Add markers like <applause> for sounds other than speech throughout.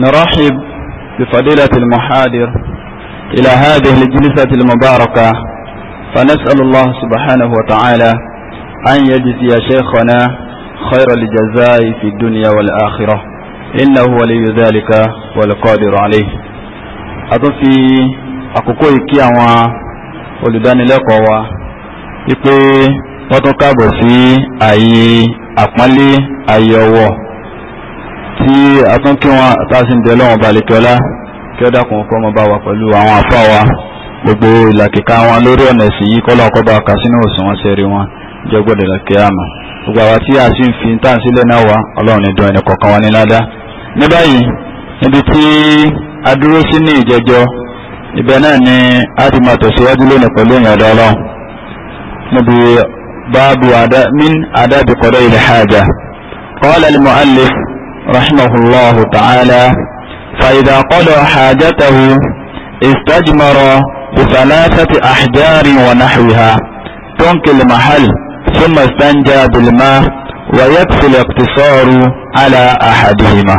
نرحب بفضيلة المحاضر إلى هذه الجلسة المباركة فنسأل الله سبحانه وتعالى أن يجزي شيخنا خير الجزاء في الدنيا والآخرة إنه ولي ذلك والقادر عليه أتفي أكوكوي كيما ولدان لقوا ipe wọ́n tún káàbọ̀ sí àyè àpọ́nlé tí a tún kí wọn láti ń dẹ́lọ́ wọn balẹ̀kẹ́lá kí ó dákun kọ́ ọmọ bá wa pẹ̀lú àwọn àfa wa gbogbo ìlà kíkà wọn lórí ọ̀nà ẹ̀sìn yìí kọ́ lọ́kọ́ bá kà sínú òsùn wọn ṣe rí wọn jẹ́ gbọ́dọ̀ lọ́kẹ́ àmọ́ gbogbo àwa tí a sì ń fi tá à ń sílẹ̀ náà wá ọlọ́run ní dùn ẹni kọ̀ọ̀kan wa ní ládá. ní báyìí níbi tí a dúró sí ní ìjẹjọ ibẹ̀ náà ni a ti máa tẹ̀síwájú lónìí pẹ̀lú ìyàdá ọlọ́run níbi báàbù min àdábìkọ́dọ̀ ilẹ̀ hajj qala al-mu'allif رحمه الله تعالى فإذا قضى حاجته استجمر بثلاثة أحجار ونحوها تنقي المحل ثم استنجى بالماء ويكفي الاقتصار على أحدهما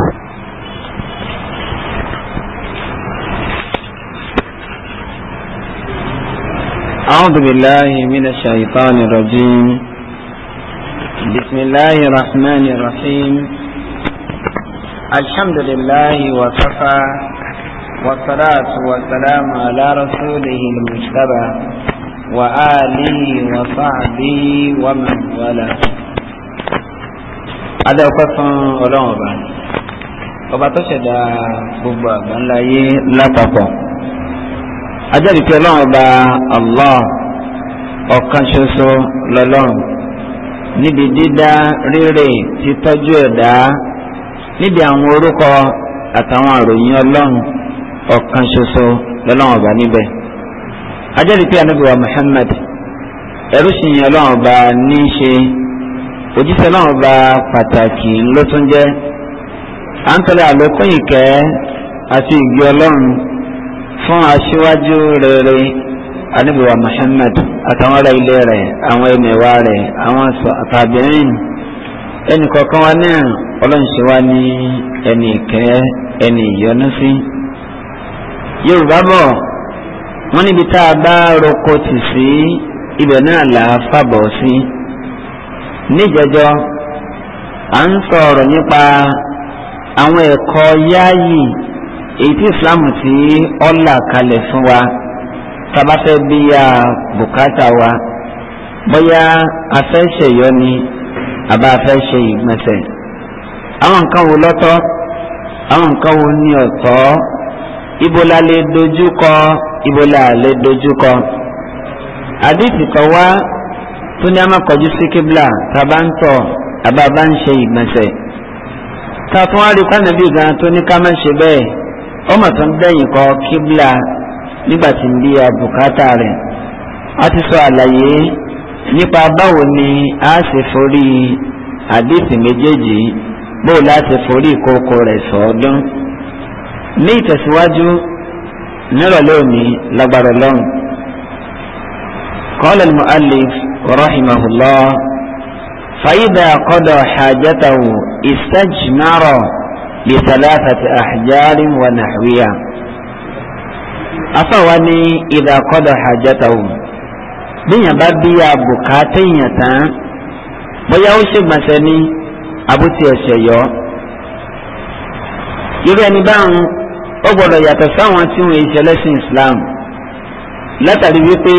أعوذ بالله من الشيطان الرجيم بسم الله الرحمن الرحيم الحمد لله وكفى والصلاة والسلام على رسوله المجتبى وآله وصحبه ومن والاه هذا قسم أولوبا ọba tó ṣẹ̀dá gbogbo àgbáńláyé lápapọ̀ ajẹ́rìí pé ọlọ́run ọba allah ọ̀kan ṣoṣo lọ́lọ́run níbi dídá rírè títọ́jú ẹ̀dá níbi àwọn orúkọ àtàwọn àròyìn ọlọ́run ọ̀kan ṣoṣo lọ́lọ́run ọba níbẹ̀ ajẹ́rìí pé ànábì wa Muhammad ẹrú sì yìn ọlọ́run ọba ní í ṣe òjíṣẹ́ ọlọ́run ọba pàtàkì ló tún jẹ́ à ń tọ́lé àlékún ìkẹ́ àti ìgbé ọlọ́run fún aṣíwájú rere ànábì wa Muhammad àtàwọn ará ilé rẹ̀ àwọn ẹ̀mẹ̀wá rẹ̀ àwọn tàbíyìn ẹnì kọ̀ọ̀kan wa náà ọlọ́nṣẹ́ wa ní ẹnì ìkẹ́ ẹnì ìyọ́nú sí. yorùbá bọ̀ wọ́n níbi tá a bá roko tì sí ibẹ̀ náà là á fàbọ̀ sí. níjẹjọ à ń sọ̀rọ̀ nípa àwọn ẹ̀kọ́ yáàyì èyí tí islam ti ọ̀là kalẹ̀ fún wa tábàfẹ́ bíyà bùkátà wa bóyá afẹ́ṣẹ̀yọ ni àbá fẹ́ ṣe ìgbọ̀nsẹ̀ àwọn nǹkan wo lọ́tọ́ àwọn nǹkan wo ní ọ̀tọ̀ ibo la lè dojúkọ ibo la lè dojúkọ àdìsí kan wá tó ní a máa kọjú sí kíbla tàbá ń tọ̀ àbá bá ń ṣe ìgbọ̀nsẹ̀ ta fún wa rí kwanabi gan tó ní ká má ṣe bẹ́ẹ̀ ọmọ tó ń dẹ́yìn kọ kíbla nígbà tí ń bí abùkátà rẹ̀ a ti sọ àlàyé nípa báwo ni a ṣe forí àdìsí méjèèjì bó láti forí ìkókó rẹ̀ sọ́ọ́dún. ní ìtẹ̀síwájú nírọ̀lẹ́ òní lágbára lọ́hùn. قال المؤلف رحمه الله فإذا قضى حاجته استجمر لثلاثة أحجار ونحوها أفواني إذا قضى حاجته bíyàn bá bí àbùká téèyàn tán bóyá ó ṣe gbọ̀nsẹ̀ ní àbútí ẹ̀ṣẹ̀ yọ. irú ẹni báwọn ó gbọ́dọ̀ yàtọ̀ sáwọn tí wọ́n ṣe lẹ́sìn Islam látàrí wípé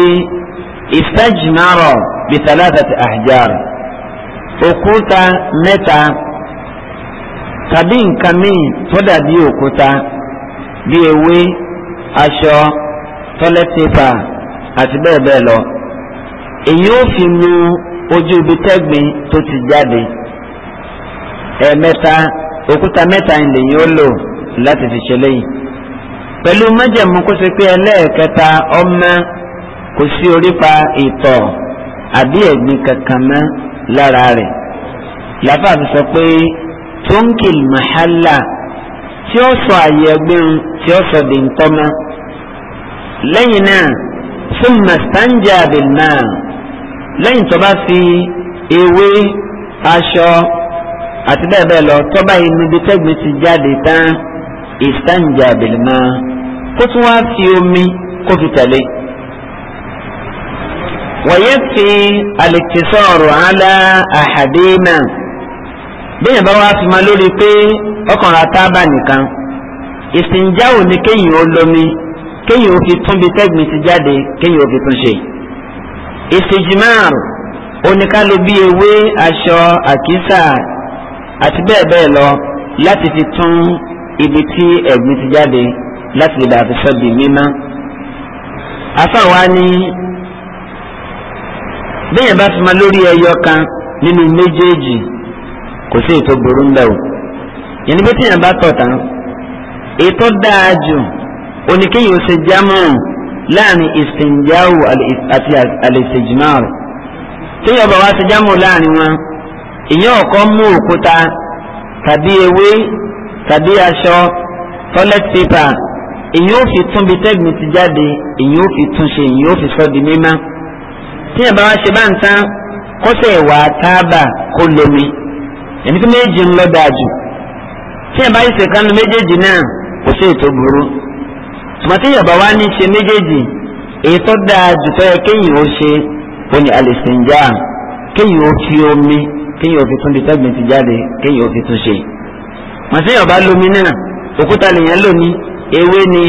ìfẹ́jìmárọ̀ bíi tàlátàtì ahjar òkúta mẹ́ta tàbí nǹkan míì tó dàbí òkúta bíi ewé aṣọ toilet paper àti bẹ́ẹ̀ bẹ́ẹ̀ lọ èyí ó fi nu ojú ibi tẹ́gbìn tó ti jáde ẹ̀ẹ̀mẹ́ta òkúta mẹ́ta lèyìn ó lò láti fi ṣe lẹ́yìn pẹ̀lú májẹ̀mú kó ṣe pé ẹlẹ́ẹ̀kẹta ọmọ kò sí orípa ìtọ̀ àbí ẹ̀gbin kankan mọ́ lára rẹ̀ làbá fi sọ pé tóńkìl màhálà tí ó sọ àyè ẹ̀gbin tí ó sọ di ntọ́mọ́ lẹ́yìn náà fún màsánjà bìnnà lẹ́yìn tó bá fi ewé aṣọ àti bẹ́ẹ̀ bẹ́ẹ̀ lọ tó bá inú ibi tẹ́gbin ti jáde tán ìsànjà àbèlìmọ́ kó tún wá fi omi kó fi tẹ̀lé. wọ̀nyẹ́ fi alìkìsọ̀rọ̀ alá àhàdínà bẹ́ẹ̀ bá wá fi máa lórí pé ọkàn ra nìkan ìsìnjáwò ni kéyìn ó lómi kéyìn ó fi tún bí tẹ́gbin ti jáde kéyìn ó fi tún ṣe istijmar oníkálu bí ewé aṣọ àkísà àti bẹ́ẹ̀ bẹ́ẹ̀ lọ láti fi tún ibi tí ẹ̀gbin ti jáde láti lè dàbí sọ́ọ̀dì mímá. afáwa ni bẹ́ẹ̀ bá fi máa lórí ẹyọ kan nínú méjèèjì kò sí ètò burú ń o. yẹnni bí bá tọ̀ tán ètò dáa jù oníkéyìí ó ṣe jámọ́ láàrin istinjahu àti alistijmar tí yọba wa ti jámù láàrin wọn ìyẹn ọkọ mú òkúta tàbí ewé tàbí aṣọ toilet paper ìyẹn ò fi tún bí tẹ́gbìn ti jáde ìyẹn ò fi tún ṣe ìyẹn ò fi sọ di mímá tí yọba wa ṣe bá ń tán kọ́sẹ̀ ìwà tábà kó lomi ẹni tó méjì ń lọ́dà jù tí yọba yìí ṣe kánú méjèèjì náà kò sí ètò burú ṣùgbọ́n tí yàrá wa ní ṣe méjèèjì èyí tó dáa jù tó yẹ kéyìn ó ṣe ó ní alìsìnjá kéyìn ó fi omi kéyìn ó fi tún di tẹ́gbìn ti jáde kéyìn ó fi tún ṣe. màtí yàrá lómi náà òkúta lèèyàn lómi ewé ni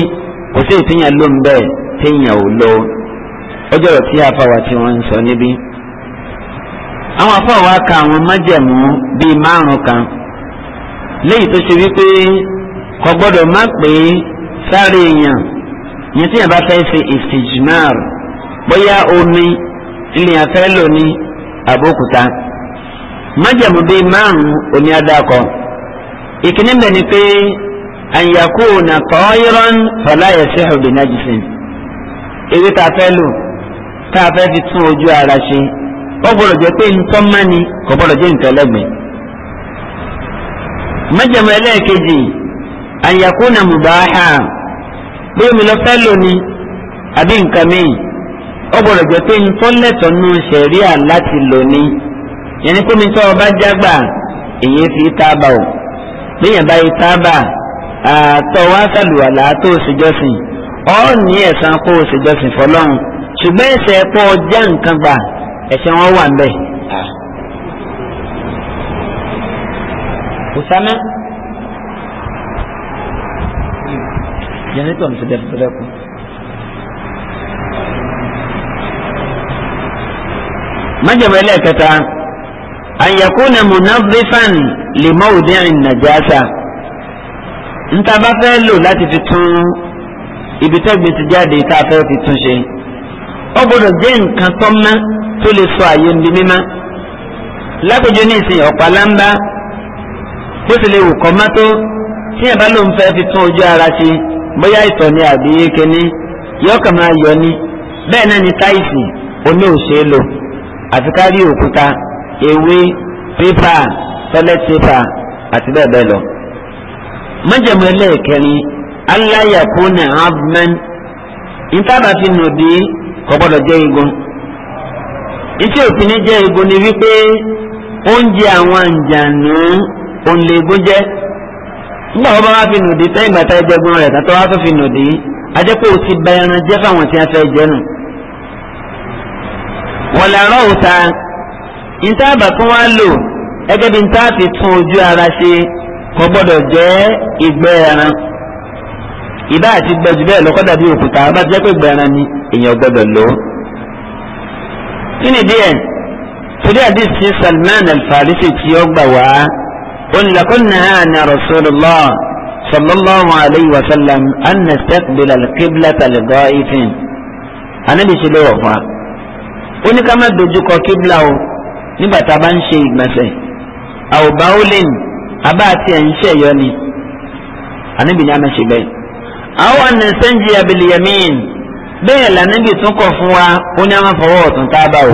kò sí ìtúnyàn lómi bẹ́ẹ̀ téèyàn ò lọ ọjọ́ tí a fa wa tí wọ́n sọ níbí. àwọn afọ wa ka àwọn májẹ̀mú bíi márùn kan léyìí tó ṣe wípé kò gbọ́dọ̀ má pé lára èèyàn tí yẹn bá fẹ́ ṣe ìfìjìmáàr omi ilé yẹn fẹ́ lò ní àbókúta májàmú bíi márùn adakọ ìkíní bẹ̀ ni pé na tọ́yìrán fọláyà sẹ́hùn bí nájìsìn ewé tá a fẹ́ lò tá a fẹ́ fi tún ojú ara ṣe ó gbọ́dọ̀ jẹ́ pé nǹkan má ni kò na mùbáhà. bóyá mi lọ fẹ́ lò ní àbí nǹkan míì ó gbọ́dọ̀ jẹ́ pé nǹkan lẹ́tọ̀ọ́ nù sẹ̀ríà láti lò ní yẹn ni kómi tó ọba jágbà èyí fi tábà o bíyàn bá yí tábà àtọ̀ wá sàlùwàlà tó ṣèjọ́sìn ọ ní ẹ̀san kó ṣèjọ́sìn fọlọ́run ṣùgbọ́n ẹ̀ṣẹ̀ pọ̀ já nǹkan gbà ẹ̀ṣẹ̀ wọn wà ń bẹ̀. Usama. jẹnẹtọ ní tẹdẹ tẹdẹ kù. májèmọ ẹlẹ́ẹ̀kẹta àyẹ̀kúnà munazifan lè mọ òde àrìn nàjàsà níta bá fẹ́ lò láti fi tún ibi tẹ́gbẹ̀ẹ́ ti jáde tá a fẹ́ fi tún ṣe ó gbọ́dọ̀ jẹ́ nǹkan tó mọ́ tó lè sọ àyè ń di mímọ́ lápèjọ ní ìsìn ọ̀pá lámbá bó ti lè wù kọ́ mọ́tò tí ẹ̀ fi tún ojú ara ṣe bóyá ìtọ̀ ni àbí kíní yóò kàn máa yọ ni bẹ́ẹ̀ náà ni táìsì oní òṣè lò àti kárí òkúta ewé pépà toilet paper àti bẹ́ẹ̀ bẹ́ẹ̀ lọ. májèmọ́ ẹlẹ́ẹ̀kẹrin aláyàkúnà abdomen ìtàbà fi nù dí kò gbọ́dọ̀ jẹ́ igun. ìtí òfin ní jẹ́ igun ni wípé oúnjẹ àwọn àǹjànú òǹlẹ̀gún jẹ́ nígbà wọn bá wá fi nùdí tẹ́ ìgbà tá ẹjẹgbọn rẹ̀ tàtọ́ wá tó fi nùdí ajẹ́pọ̀ ò ti ba ẹran jẹ́ fáwọn tí a fẹ́ jẹ nù. wọ́n lè rọ́ òta ìtaàbà kan wá lò ẹgẹ́ bí nta fi tún ojú ara ṣe kò gbọ́dọ̀ jẹ́ ìgbẹ́ ẹran ìbá àti gbẹ̀jú bẹ́ẹ̀ lọ́kọ́ dàbí òkúta bá jẹ́ pé ìgbẹ́ ẹran ni èèyàn gbọ́dọ̀ lò kí ni díẹ̀ torí àdìsí Salman al tí ó gbà wá. قلنا أن رسول الله صلى الله عليه وسلم أن نستقبل القبلة لغائف Ànábì ṣe lọ́wọ́ fún wa ó ní ká má dojúkọ kíbla o nígbà tá a bá ń ṣe ìgbọ̀nsẹ̀ àwòbá ó lè ní abá àti ẹ̀ ń ṣẹ̀yọ ni Ànábì ní a máa ṣe bẹ́ẹ̀. àwọn àna sẹ́ńjì abiliyamin bẹ́ẹ̀ lànàbì tún kọ̀ fún wa ó ní a máa fọwọ́ ọ̀tún tá a bá o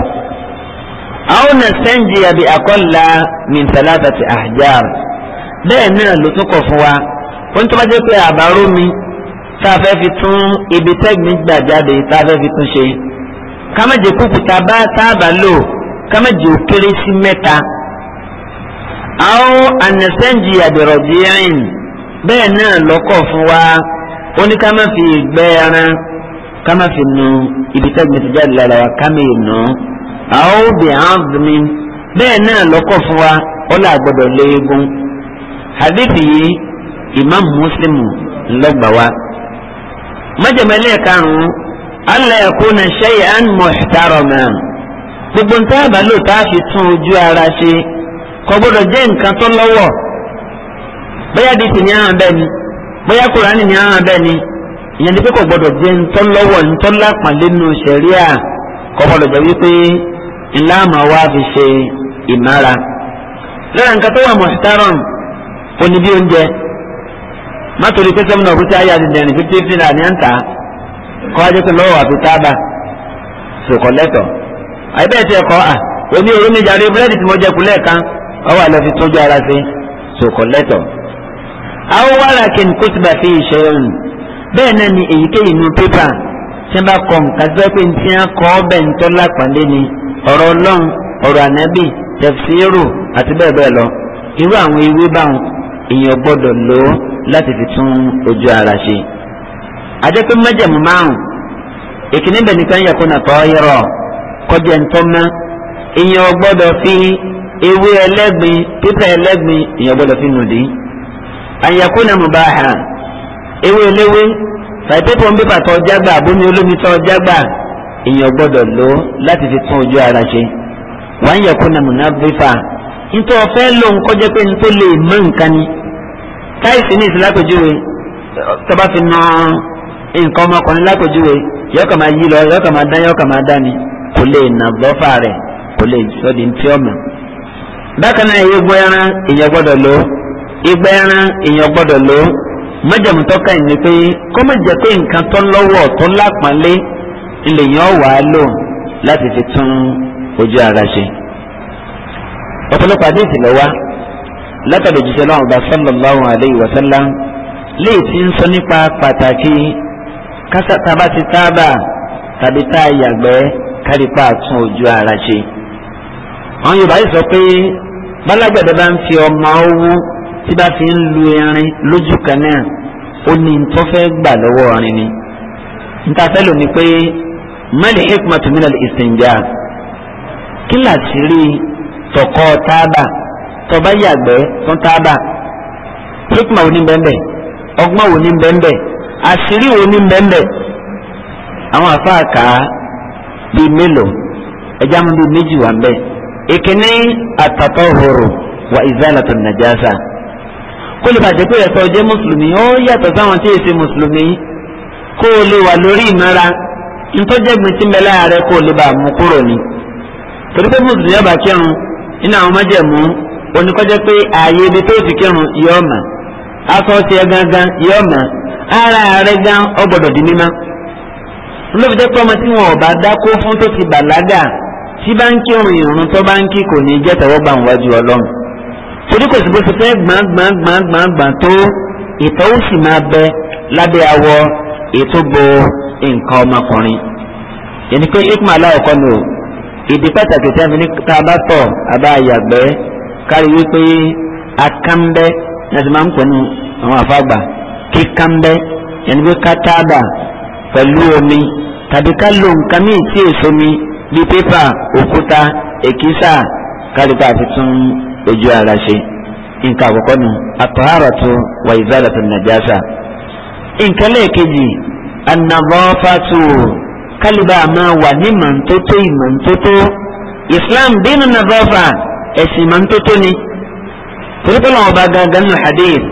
àwọn nàṣẹ́ǹjì àbí àkọ́là mìtàlátà ti ahjar bẹ́ẹ̀ náà ló tún kọ̀ fún wa ó ní tó bá jẹ́ pé àbárò mi tá a fẹ́ fi tún ibi tẹ́gbìn gbà jáde tá a fẹ́ fi tún ṣe ká má jẹ́ kúkúta bá táàbà lò ká má jẹ́ òkèrè sí mẹ́ta àwọn ànàṣẹ́ǹjì àbẹ̀rọ̀jì bẹ́ẹ̀ náà lọ́kọ̀ fún wa ó ní ká má fi ìgbẹ́ ẹran ká má fi nu ibi tẹ́gbìn ti jáde lára ká má yìí nù àwòdì àádùnmí bẹ́ẹ̀ náà lọ́kọ̀ fún wa ọlá àgbọ̀dọ̀ léegun hadithi yìí imam muslim lọ́gbà wa. májèmẹ́lẹ́ karùn-ún allah yakuna shay'an muhtarama gbogbo nta àbálò tá a fi tún ojú ara ṣe kò gbọ́dọ̀ jẹ́ nǹkan tó lọ́wọ́ bóyá dìtì ní àwọn bẹ́ẹ̀ bóyá kùránì ní àwọn bẹ́ẹ̀ ìyẹn ni pé kò gbọ́dọ̀ jẹ́ ntọ́lọ́wọ́ ntọ́lápàlẹ́nu sẹ̀ríà kò gbọ́dọ̀ jẹ́ wípé ńlá máa wá fi ṣe ìmára lára nǹkan tó wà mọ̀sítárọ̀n òní bí oúnjẹ má torí pé sẹ́mi náà kú sí ayé àdìdẹ̀rìn fifty fifty naira ní à ń tà kọ́ ajé pé lọ́wọ́ àfi tábà sòkò lẹ́tọ̀ àyẹ̀bẹ̀ tí ẹ kọ́ à omi òru mi jàre búrẹ́dì tí mo jẹ kulẹ̀ kan ọwọ́ àlọ́ fi tójú ara sí sòkò lẹ́tọ̀. àwọn wàrà kìnnì kó ti bà fi ìṣe ọ̀hún bẹ́ẹ̀ náà ni èyíkéyìí nu pépà tí wọ́n bá kọ nǹkan tó pé ní tí wọ́n kọ́ ọ́ bẹ́ẹ̀ ń ni ọ̀rọ̀ ọlọ́run ọ̀rọ̀ ànábì tẹ̀fsíìrù àti bẹ́ẹ̀ bẹ́ẹ̀ lọ irú àwọn ewé báwọn èèyàn gbọ́dọ̀ lò ó láti fi tún ojú ara ṣe. àjẹpẹ́ májẹ̀mú márùn-ún ìkíní bẹ̀ nìkan yẹ kó nà tọ́ yẹrọ kọjá ntọ́ mọ́ èèyàn gbọ́dọ̀ fi ewé ẹlẹ́gbin pípà ẹlẹ́gbin èèyàn gbọ́dọ̀ fi nù dín. àyẹ̀kú nà mú bá a hàn ewé eléwé fàìpẹ́pọ̀ ń bí pàtó ọjà gbà bómi olómi tó ọjà gbà èèyàn gbọ́dọ̀ lò láti fi tún ojú ara ṣe wàá yẹ kó nàmúnà bífà nítorí ọ̀fẹ́ ló ń kọjá pé nítorí lè mọ nǹkan ni táìsì ní ìsìn lápèjúwe tọ́ba fi na nǹkan ọmọkùnrin lápèjúwe yọ kàn máa yí lọ yọ kàn máa dá yọ kàn máa dá ni kò lè nà bọ́fà rẹ̀ kò lè sọ di ntí ọmọ. bákan náà egbò ẹran èèyàn gbọ́dọ̀ lo. egbò ẹran èèyàn gbọ́dọ̀ lò mọ́jàmútọ́ka ẹ̀ ni pé kọ́mọ̀jẹ́ pé nǹkan tó lọ́wọ́ tó lápàlẹ́ ilẹ̀ yẹn wà á lò láti fi tún ojú ara ṣe. ọ̀pọ̀lọpọ̀ àdéhìí lọ wá látọ̀dọ̀ jíṣẹ́ ọba sallallahu alayhi wa sallam léè tí ń sọ nípa pàtàkì kásátaba ti tábà tàbí tá a yàgbẹ́ kárípà tún ojú ara ṣe. àwọn yorùbá yìí sọ pé bálágbẹ̀dẹ bá ń fi ọmọ owó tí bá fi ń lu irin lójú kan náà ó ní tó fẹ́ gbà lọ́wọ́ irin ni. níta lò ní pé mali hikmatu minal istinja kíláàsì rí tọkọ tábà tọba yàgbẹ́ fún tábà hikma wo ni bẹ́ẹ̀ ọgbọ́n wo ni bẹ́ẹ̀ àṣírí wo ni bẹ́ẹ̀ àwọn afáà kà á bíi mélòó ẹja mú bíi méjì wà mbẹ ìkíní àtàtọ̀hòrò wà ìzálàtò nàjàsà kó lè bàjẹ́ pé mùsùlùmí ó yàtọ̀ sáwọn tí èsì mùsùlùmí kó o lè wà lórí ìmọ̀ra ntọ́jẹ́gbin tí mẹ́lá rẹ kò lè bá mú kúrò ní. torí pé bùsùn yọba kírun nínú àwọn májẹ̀mú oníkọ́jẹ́ pé ààyè ibi tó ti kírun yóò mọ̀ aṣọ ti ẹ gangan yóò mọ̀ ara rẹ gan ọ gbọ́dọ̀ di mímọ́. olóòfù jẹ́ pé ọmọ tí wọn ò bá dákó fún tó ti bàlágà tí bá ń kírun ìrun tó bá ń kí kò ní jẹ́ tẹ̀wọ́ gbà wájú ọlọ́run. torí kò sí bó ti fẹ́ gbọ̀n gbọ̀n gbọ̀n gbọ̀n gbọ̀n tó ìtọ́wò sì máa bẹ lábẹ́ awọ ètò gbòó nǹkan ọmọkùnrin yẹni pé ikùn aláwọ̀kọ́ ni o ìdí pàtàkì tí a fi ní ká bá tọ̀ abá yàgbẹ́ kárí wípé akánbẹ́ láti máa ń pè ní àwọn àfàgbà kíkánbẹ́ yẹni pé ká tábà pẹ̀lú omi tàbí ká lo nǹkan míì tí èso mi bíi pépà òkúta èkísà kárí pa àti tún ojú ara ṣe nǹkan àkọ́kọ́ nu àtọ̀hárọ̀ wà ìzálà tó nàjásà nǹkan lẹ́ẹ̀kejì anabọ́fàtù kálíbà máa wà ní mọ̀ntótó ìmọ̀ntótó islam dínú nabọ́fà ẹ̀sìn mọ̀ntótó ni torípé lọ́wọ́ bá gangan nù hadith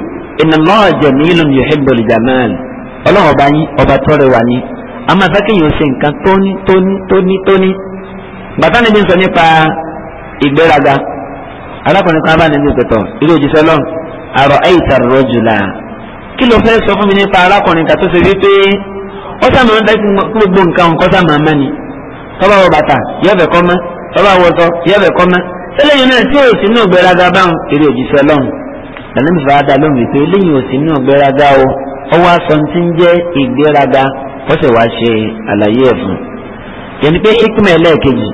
inna Allaha jamilun yuhibbul jamal ọlọ́wọ́ bá yín ọba tọ́rẹ̀ wà ní àmọ́ àtàkìyàn ṣe nǹkan tóní tóní tóní tóní bàtà níbi ń sọ nípa ìgbéraga arákùnrin kan bá níbi ìpẹ̀tọ̀ ilé òjíṣẹ́ lọ́n àrọ̀ ẹ̀yìtà rọ́jùlá kí ló fẹ́ sọ fún mi nípa arákùnrin kan tó ṣe wípé ó sàmà ń fẹ́ kí gbogbo nǹkan kọ́ sàmà má ni tọ́ba wọ bàtà yọ̀bẹ̀ kọ́ mọ́ tọ́ba wọ sọ yọ̀bẹ̀ kọ́ mọ́ eléyìí náà tí òsì náà gbéraga bá ń eré òjíṣẹ́ lọ́hùn lànà mi fàá dá lóhùn wípé eléyìí òsì náà gbéraga o ọwọ́ aṣọ ti ń jẹ́ ìgbéraga ó sì wá ṣe àlàyé ẹ̀ fún un. yẹnni pé hikma ẹlẹ́ẹ̀kejì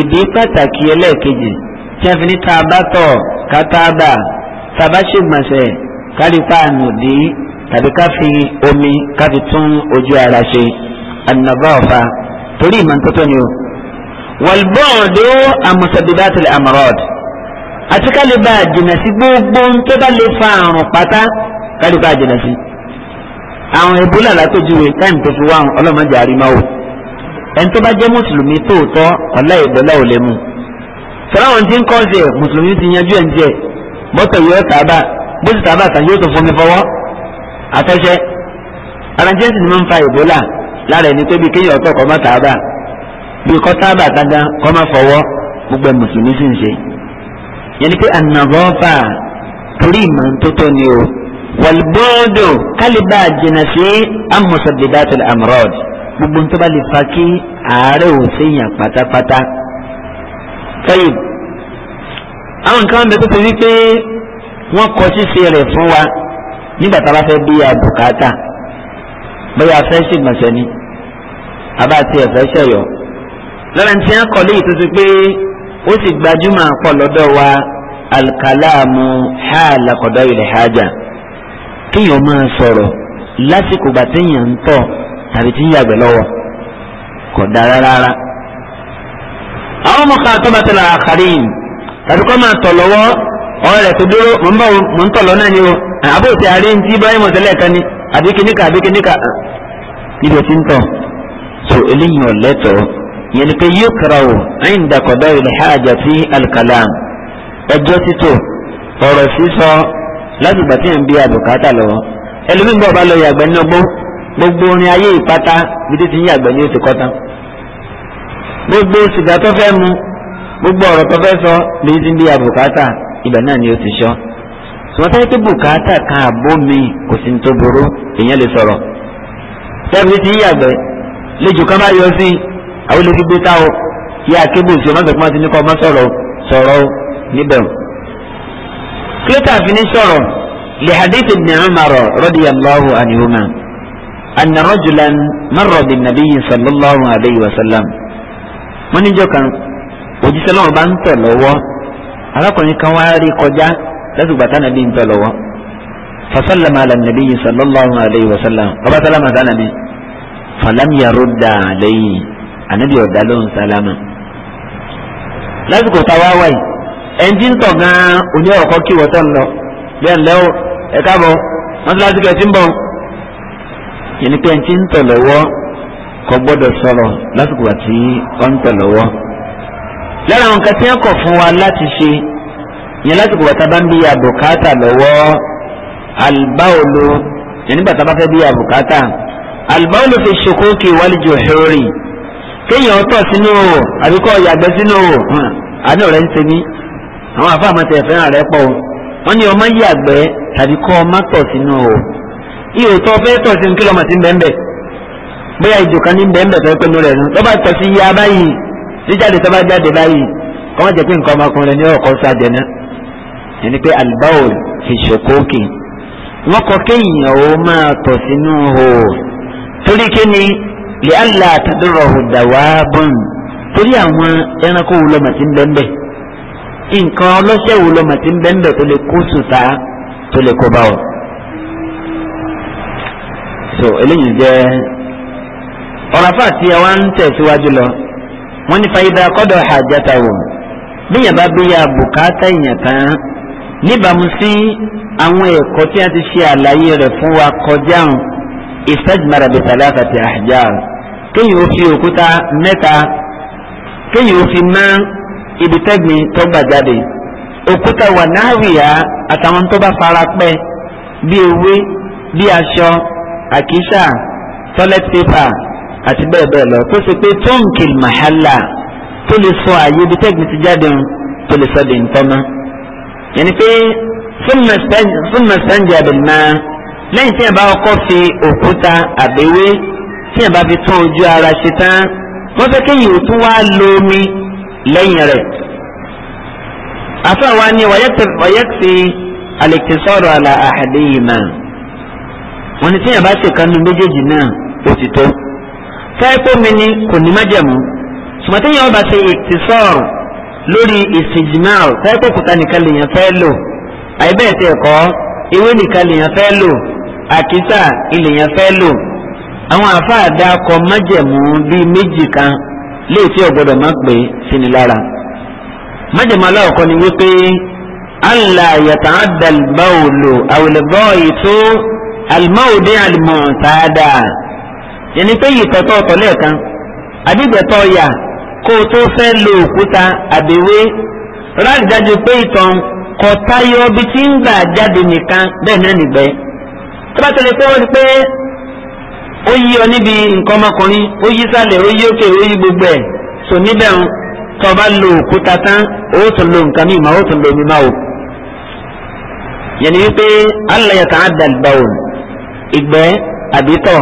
ìdí pàtàkì ẹlẹ́ẹ̀kejì tí a fi ní tabatọ̀ kátàbà tabaṣègbọ̀nsẹ̀ kárípà ànùdí tàbí ká fi omi ká fi tún ojú ara ṣe an-nadhafa torí ìmọ̀ntótó ni o. wal-bu'du an musabbibatil amrad àti ká lè bá a jìnà sí gbogbo tó bá lè fa àrùn pátá ká lè bá a jìnà sí. àwọn ebola látòjúwe táìmù tó fi wá ọlọ́mọdé àrímáwò ẹni tó bá jẹ́ mùsùlùmí tòótọ́ ọ̀la ìbọ̀lá ò lè mú. sọ̀rọ̀ tí ń kọ́ ṣe mùsùlùmí ti yanjú ẹ̀ ń jẹ́ bọ́tọ̀ yóò tàbá bó ti tàbá tàn yóò tó fomi fọwọ́ àtẹ́sẹ́ aránjẹ́sì ni máa ń fa ìbólà lára ẹni pé bí kéèyàn ọ̀tọ̀ kọ́ máa tààbà bí kọ́ tààbà dandan kọ́ máa fọwọ́ gbogbo ẹ̀ mùsùlùmí sì ń ṣe. yẹn ni pé ànàbọ́fà torí ìmọ̀ tó tó ni o wàlúbọ́ọ̀dù kálíbà jìnnà sí amọ̀sọ̀dẹ̀dàtọ̀ amrod gbogbo tó bá lè fa kí àárẹ̀ ò séyàn pátápátá. fẹ́yìn àwọn nǹkan bẹ tó ti wí pé wọ́n kọ ṣíṣe rẹ̀ fún wa nígbà tá a bá fẹ́ bí ya bùkátà bóyá a fẹ́ ṣègbọ̀nsẹ̀ ni àbá àti ẹ̀fẹ́ ṣẹ̀yọ̀ lọ́la ti ń kọ́ léyìí tó ti pé ó sì gbajúmọ̀ pọ̀ lọ́dọ̀ wa alkalamu hàlà kọ̀dọ̀ ilẹ̀ hajà kéèyàn máa sọ̀rọ̀ lásìkò gbà téèyàn ń tọ̀ tàbí tí ń yàgbẹ́ lọ́wọ́ kò dára rárá. àwọn ọmọ kan àtọ́bàtà làákàrí tàbí kọ́ máa tọ̀ lọ́wọ́ ọ̀rọ̀ rẹ̀ tó dúró mò ń bọ̀ mò ń tọ̀ lọ́nà ni o àbò tí a rí ń tí ibrahim ọ̀sẹ̀lẹ̀ kan ni àbí kíníkà àbí kíníkà níbi tí ń tọ̀ so eléyìí ò lẹ́tọ̀ọ́ yẹn ni pé yóò kara o ẹ̀yìn dàkọ̀dọ̀ ilẹ̀ hajjá sí alkalam ẹjọ́ títò ọ̀rọ̀ sísọ láti gbà tí ń bí àbùkátà lọ ẹlòmíì bọ̀ bá lọ yàgbẹ́ ní gbogbo orin ayé ìpátá bídí ti ń yàgbẹ́ ní oṣù kọ́tà gbogbo sìgá tó fẹ́ mu gbogbo ọ̀rọ̀ tó fẹ́ sọ bídí ti ń bí àbùkátà ibẹ̀ náà ni ó ti sọ sọmọtà yìí pé bùkátà kan àbó mi kò sí tó burú èèyàn lè sọ̀rọ̀ sẹ́ẹ̀bù ti yàgbẹ́ lẹ́jọ́ kan bá yọ sí àwọn olè fi gbé tá o yá kébù sí ọmọ ìgbàgbọ́n ti ní kọ́ ọmọ sọ̀rọ̀ sọ̀rọ̀ níbẹ̀ kílótà fi ní sọ̀rọ̀ lè ibn Umar radiyallahu anhuma anna rajulan marra bin nabiyyi sallallahu alayhi wa sallam wọ́n níjọ́ kan òjíṣẹ́ náà bá ń tẹ̀ lọ́wọ́ arákùnrin kan wá rí kọjá lẹ́sùn gbàtà nàbí ń tọ́ lọ́wọ́ fasalama ala nabi sallallahu alayhi wa sallam ọba salama sanabi falam yarudda alayhi anabi ọ̀dà ló ń salama. lásìkò táwa wáyé ẹnjí ń tọ̀ gan-an oní ọ̀kọ́ kí wọ́n tọ̀ lọ bí ẹ̀ lẹ́wọ̀ ẹ̀ káàbọ̀ wọ́n ti lásìkò ẹ̀ ń bọ̀. yẹnni pé ẹnjí lọ́wọ́ kò gbọ́dọ̀ sọ̀rọ̀ lásìkò àti ọ̀ ń tọ̀ lọ́wọ́ lára àwọn nǹkan tí wọ́n kọ̀ fún wa láti ṣe yẹn lásìkò bàtà bá ń bí ya bùkátà lọ́wọ́ albáwòlò yẹn bàtà bá fẹ́ bí ya bùkátà albáwòlò fi ṣokókè wálìjọ hẹ́rì kéèyàn tọ̀ sínú o àbí kọ́ yàgbẹ́ sínú o àbí ọ̀rẹ́ ń ṣe mí àwọn àfa àmọ́ tẹ̀ fẹ́ràn rẹ pọ̀ wọ́n ní ọmọ yàgbẹ́ tàbí kọ́ ọmọ tọ̀ sínú o ihò tó fẹ́ tọ̀ sínú kí lọ́mọ sí bẹ́ẹ̀ bóyá ìjò ní bẹ́ẹ̀ bẹ́ẹ̀ tọ́ pẹ́ nù rẹ̀ nù sí ya báyìí jíjáde tó bá jáde báyìí kọ́ wọ́n jẹ́ pé nǹkan ọmọkùnrin ní ọkọ̀ sájẹ náà ẹni pé albaul fi ṣòkókè wọ́n kọ kéèyàn ó máa tọ̀ sínú hò torí kíni lè àlà àtàdúrọ̀ hùdàwà bọ́n torí àwọn ẹranko wo lọ́mọ tí ń bẹ́ńbẹ́ nǹkan ọlọ́ṣẹ́ wo lọ́mọ tí ń bẹ́ńbẹ́ tó lè kó sùtá tó lè kó bá ọ. so eléyìí jẹ́ ọ̀rọ̀ àfáà tí ẹ wá ń tẹ̀síwájú lọ wọ́n ní fàyídà kọ́dọ̀ hajjata wò bíyàn bí ya bùkátà èèyàn tán níbàámu sí àwọn ẹ̀kọ́ tí a ti ṣe àlàyé rẹ̀ fún wa kọjá ń ìfẹ́jìmára bíi tàlàfàtì ahjar kéèyàn ó fi òkúta mẹ́ta kéèyàn ó fi ná ibi tẹ́gbìn tó gbà jáde òkúta wà náàwìyá àtàwọn tó bá fara pẹ́ bíi ewé bíi aṣọ àkísà toilet paper àti bẹ́ẹ̀ bẹ́ẹ̀ lọ tó ṣe pé tónkìl màhálà tó lè sọ àyè ibi tẹ́gbìn ti jáde ń tó lè sọ di ntọ́mọ. yẹnni pé súnmọ̀ sẹ́ńjì àbẹ̀lẹ́mà lẹ́yìn tí yẹn bá kọ́ fi òkúta àbẹ̀wé tí yẹn bá fi tún ojú ara ṣe tán wọ́n fẹ́ kéyìn òtún wá lo omi lẹ́yìn rẹ̀. àfẹ́wà ni wọ́yẹ́kì alẹ́kìtìsọ́rọ̀ àlà àhàdéyìí mà wọ́n ní tí yẹn bá ṣèkánú méjèèjì náà ó táìpọ̀ mi ni kò ní májẹ̀mú ṣùgbọ́n téèyàn ọba ṣe ìtìsọ́ọ̀rù lórí ìsìnjìmáàrù táìpọ̀ kúta nìkan lèèyàn fẹ́ lò àìbẹ́ẹ̀ tí ẹ̀kọ́ ewé nìkan lèèyàn fẹ́ lò àkísà ilèèyàn fẹ́ lò àwọn àáfàá dákọ májẹ̀mú bíi méjì kan léè tí ọ̀gbọ́dọ̀ má pè síni lára májẹ̀mú aláwọ̀kọ́ ni wípé alla yata'adda bawlu aw al-ghaitu al-mawdi'a al-mu'tada yẹni pé ìtọ̀tọ̀ ọ̀tọ̀ lẹ́ẹ̀kan àdìgbẹ̀tọ̀ ọ̀yà kó o tó fẹ́ lo òkúta àbẹ̀wé ráàdì jáde pé ìtàn kọ̀tayọ bí tí ń gbà jáde nìkan bẹ́ẹ̀ náà nìgbẹ́ tó bá tẹ̀lé pé wọ́n ti pé ó yí ọ níbi nǹkan ọmọkùnrin ó yí sálẹ̀ ó yí òkè ó yí gbogbo ẹ̀ sò níbẹ̀ ń tọ́ bá lo òkúta tán ó tún lo nǹkan míì máa ó tún lo mi máa o yẹni wípé Allah yataadda al-bawl ìgbẹ́ àbítọ̀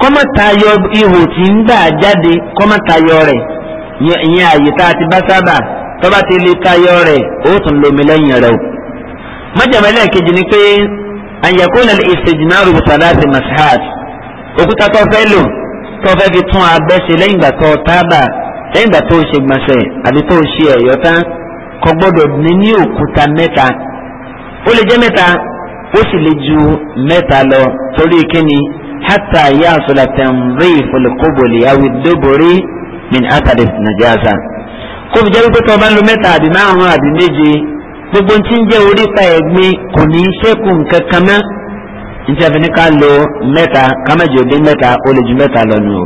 kọ́mọ tayọ ihò tí ń gbà jáde kọ́mọ tayọ rẹ̀ ìyẹn àyè tá a ti bá sábà tọ́ba ti lè tayọ rẹ̀ ó tún lomi lẹ́yìn rẹ̀ o. májàmá ẹlẹ́ẹ̀kejì ni pé àyẹ̀kọ́nà ìṣèjìmárù bùsàlásì masahad òkúta tó fẹ́ lò tó fẹ́ fi tún abẹ́ ṣe lẹ́yìn ìgbà tó tábà lẹ́yìn ìgbà tó ṣe gbọ̀nsẹ̀ àbí tó ṣe ẹ̀yọ́ tán kò gbọ́dọ̀ ní ní òkúta mẹ́ta ó lè jẹ́ mẹ́ta ó sì lè ju mẹ́ta lọ torí kíni حتى يصل تنظيف القبل أو الدبر من أثر النجاسة kó fi jẹ́ wípé tó o bá lo mẹ́ta àbí márùn-ún àbí méje gbogbo tí ń jẹ́ orípa ẹ̀gbin kò ní í ṣẹ́kù nǹkan kan mọ́ níta fi ní ká lo mẹ́ta ká má jẹ́ òde mẹ́ta ó lè ju mẹ́ta lọ nù o.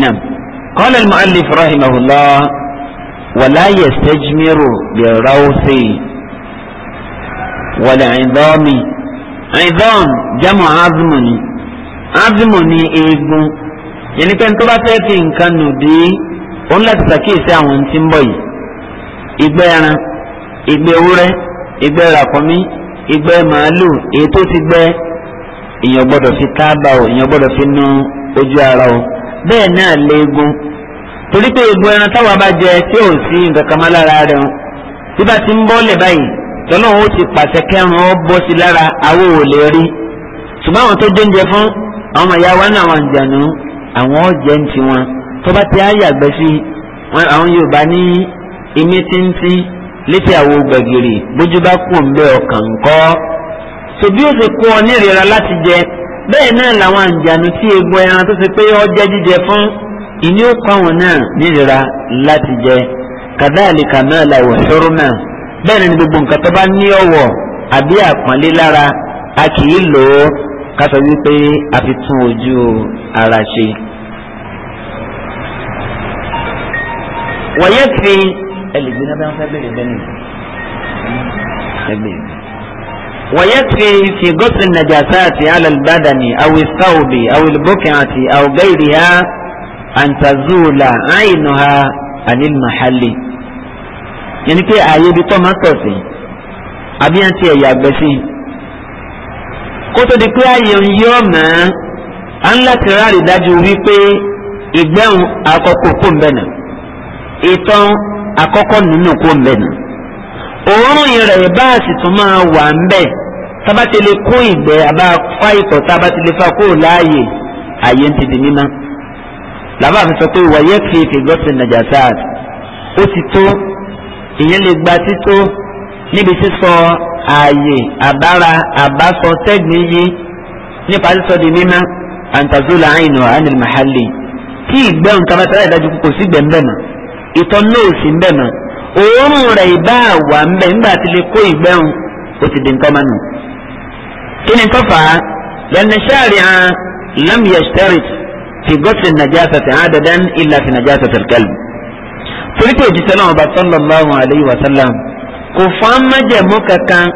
nam قال المؤلف رحمه الله ولا يستجمر بالروث والعظام àìdán jámọ azmù ni azmù ni eegun yẹn pé tó bá fẹ́ fi nǹkan nù dé òun láti ṣàkíyèsí àwọn tí ń bọ̀ yìí ìgbẹ́ ẹran ìgbẹ́ ewúrẹ́ ìgbẹ́ ràkúnmí ìgbẹ́ màálù èyí tó ti gbẹ́ èèyàn gbọ́dọ̀ fi tábà o èèyàn gbọ́dọ̀ fi nu ojú ara o bẹ́ẹ̀ náà léegun torí pé egun ẹran táwa bá jẹ tí ò sí nǹkan kan má lára rẹ̀ o bí bá ti ń bọ́ lẹ̀ báyìí lọ́lọ́run ó ti pàṣẹ kẹrùn ó bọ́ sí lára awó ò lè rí ṣùgbọ́n àwọn tó dóúnjẹ fún àwọn ọmọ ìyá wa náà àwọn àǹjànú àwọn ọ̀jẹ̀ ń tiwọn tó bá ti àyàgbẹ́ sí àwọn Yorùbá ní imí tíntín létí àwo gbẹ̀gìrì bójú bá kù ń bẹ ọkàn ńkọ́ ṣòbí ó ti kó ọ nírira láti jẹ bẹ́ẹ̀ náà làwọn àǹjànú tí egbò ẹran tó ṣe pé ọjẹ́ jíjẹ fún ìní ó kọ́ àwọn náà nírira láti jẹ kàdáàlì kàmáà làwọ̀ náà bẹ́ẹ̀ ni gbogbo nǹkan tó bá ní ọ̀wọ̀ àbí àpọ́nlé lára a kì í lò ó ká sọ wípé a fi tún ojú ara ṣe. wọ̀nyẹ́ fi ẹlẹ́gbẹ́ náà bẹ́ẹ̀ fẹ́ bẹ̀rẹ̀ bẹ́ẹ̀ ni wọ̀nyẹ́ fi fi gọ́sìn najasati ala albadani awi saubi awi albukati awi gairiha antazula ainuha anil mahali yẹn ni pé ààyè ibi tọ́ máa tọ̀ sí àbí àti ẹ̀yà àgbẹ̀ sí. kó tó di pé ààyè ń yí ọ̀mà á ń láti ráàlì dájú wípé ìgbẹ́hùn àkọ́kọ́ kò ń bẹ̀ nà ìtàn àkọ́kọ́ nínú kò ń bẹ̀ nà òórùn yẹn rẹ̀ bá a sì tún máa wà ń bẹ̀ tabatele kó ìgbẹ́ àbá fa ìtọ̀ tabatele fa kó láàyè ààyè ń ti di mímá làbá àfi pé wàyẹ́ fi fi nàjàsáàt ó ti tó ìyẹn lè gba tító níbi sísọ ààyè àbára àbásọ tẹ́gbìn yí nípa sísọ di mímọ́ àǹtàzúlà àìnù àánil màhálì tí ìgbẹ́hùn kan bá tẹ́lẹ̀ ìdájú kò sí gbẹ̀ǹbẹ̀ mọ́ ìtọ́ náà sì ń bẹ̀ mọ́ òórùn rẹ̀ ìbá wà ń bẹ̀ nígbà tí lè kó ìgbẹ́hùn ó ti di nǹkan mọ́nu. kí ni tó fà á lẹ́nu sáàrì hàn lam yashtarit fi gọ́sìn najasati adadan illa fi najasati alqalb torí pé òjíṣẹ́ náà ọba sallallahu alayhi wa sallam kò fún amájẹ̀mú kankan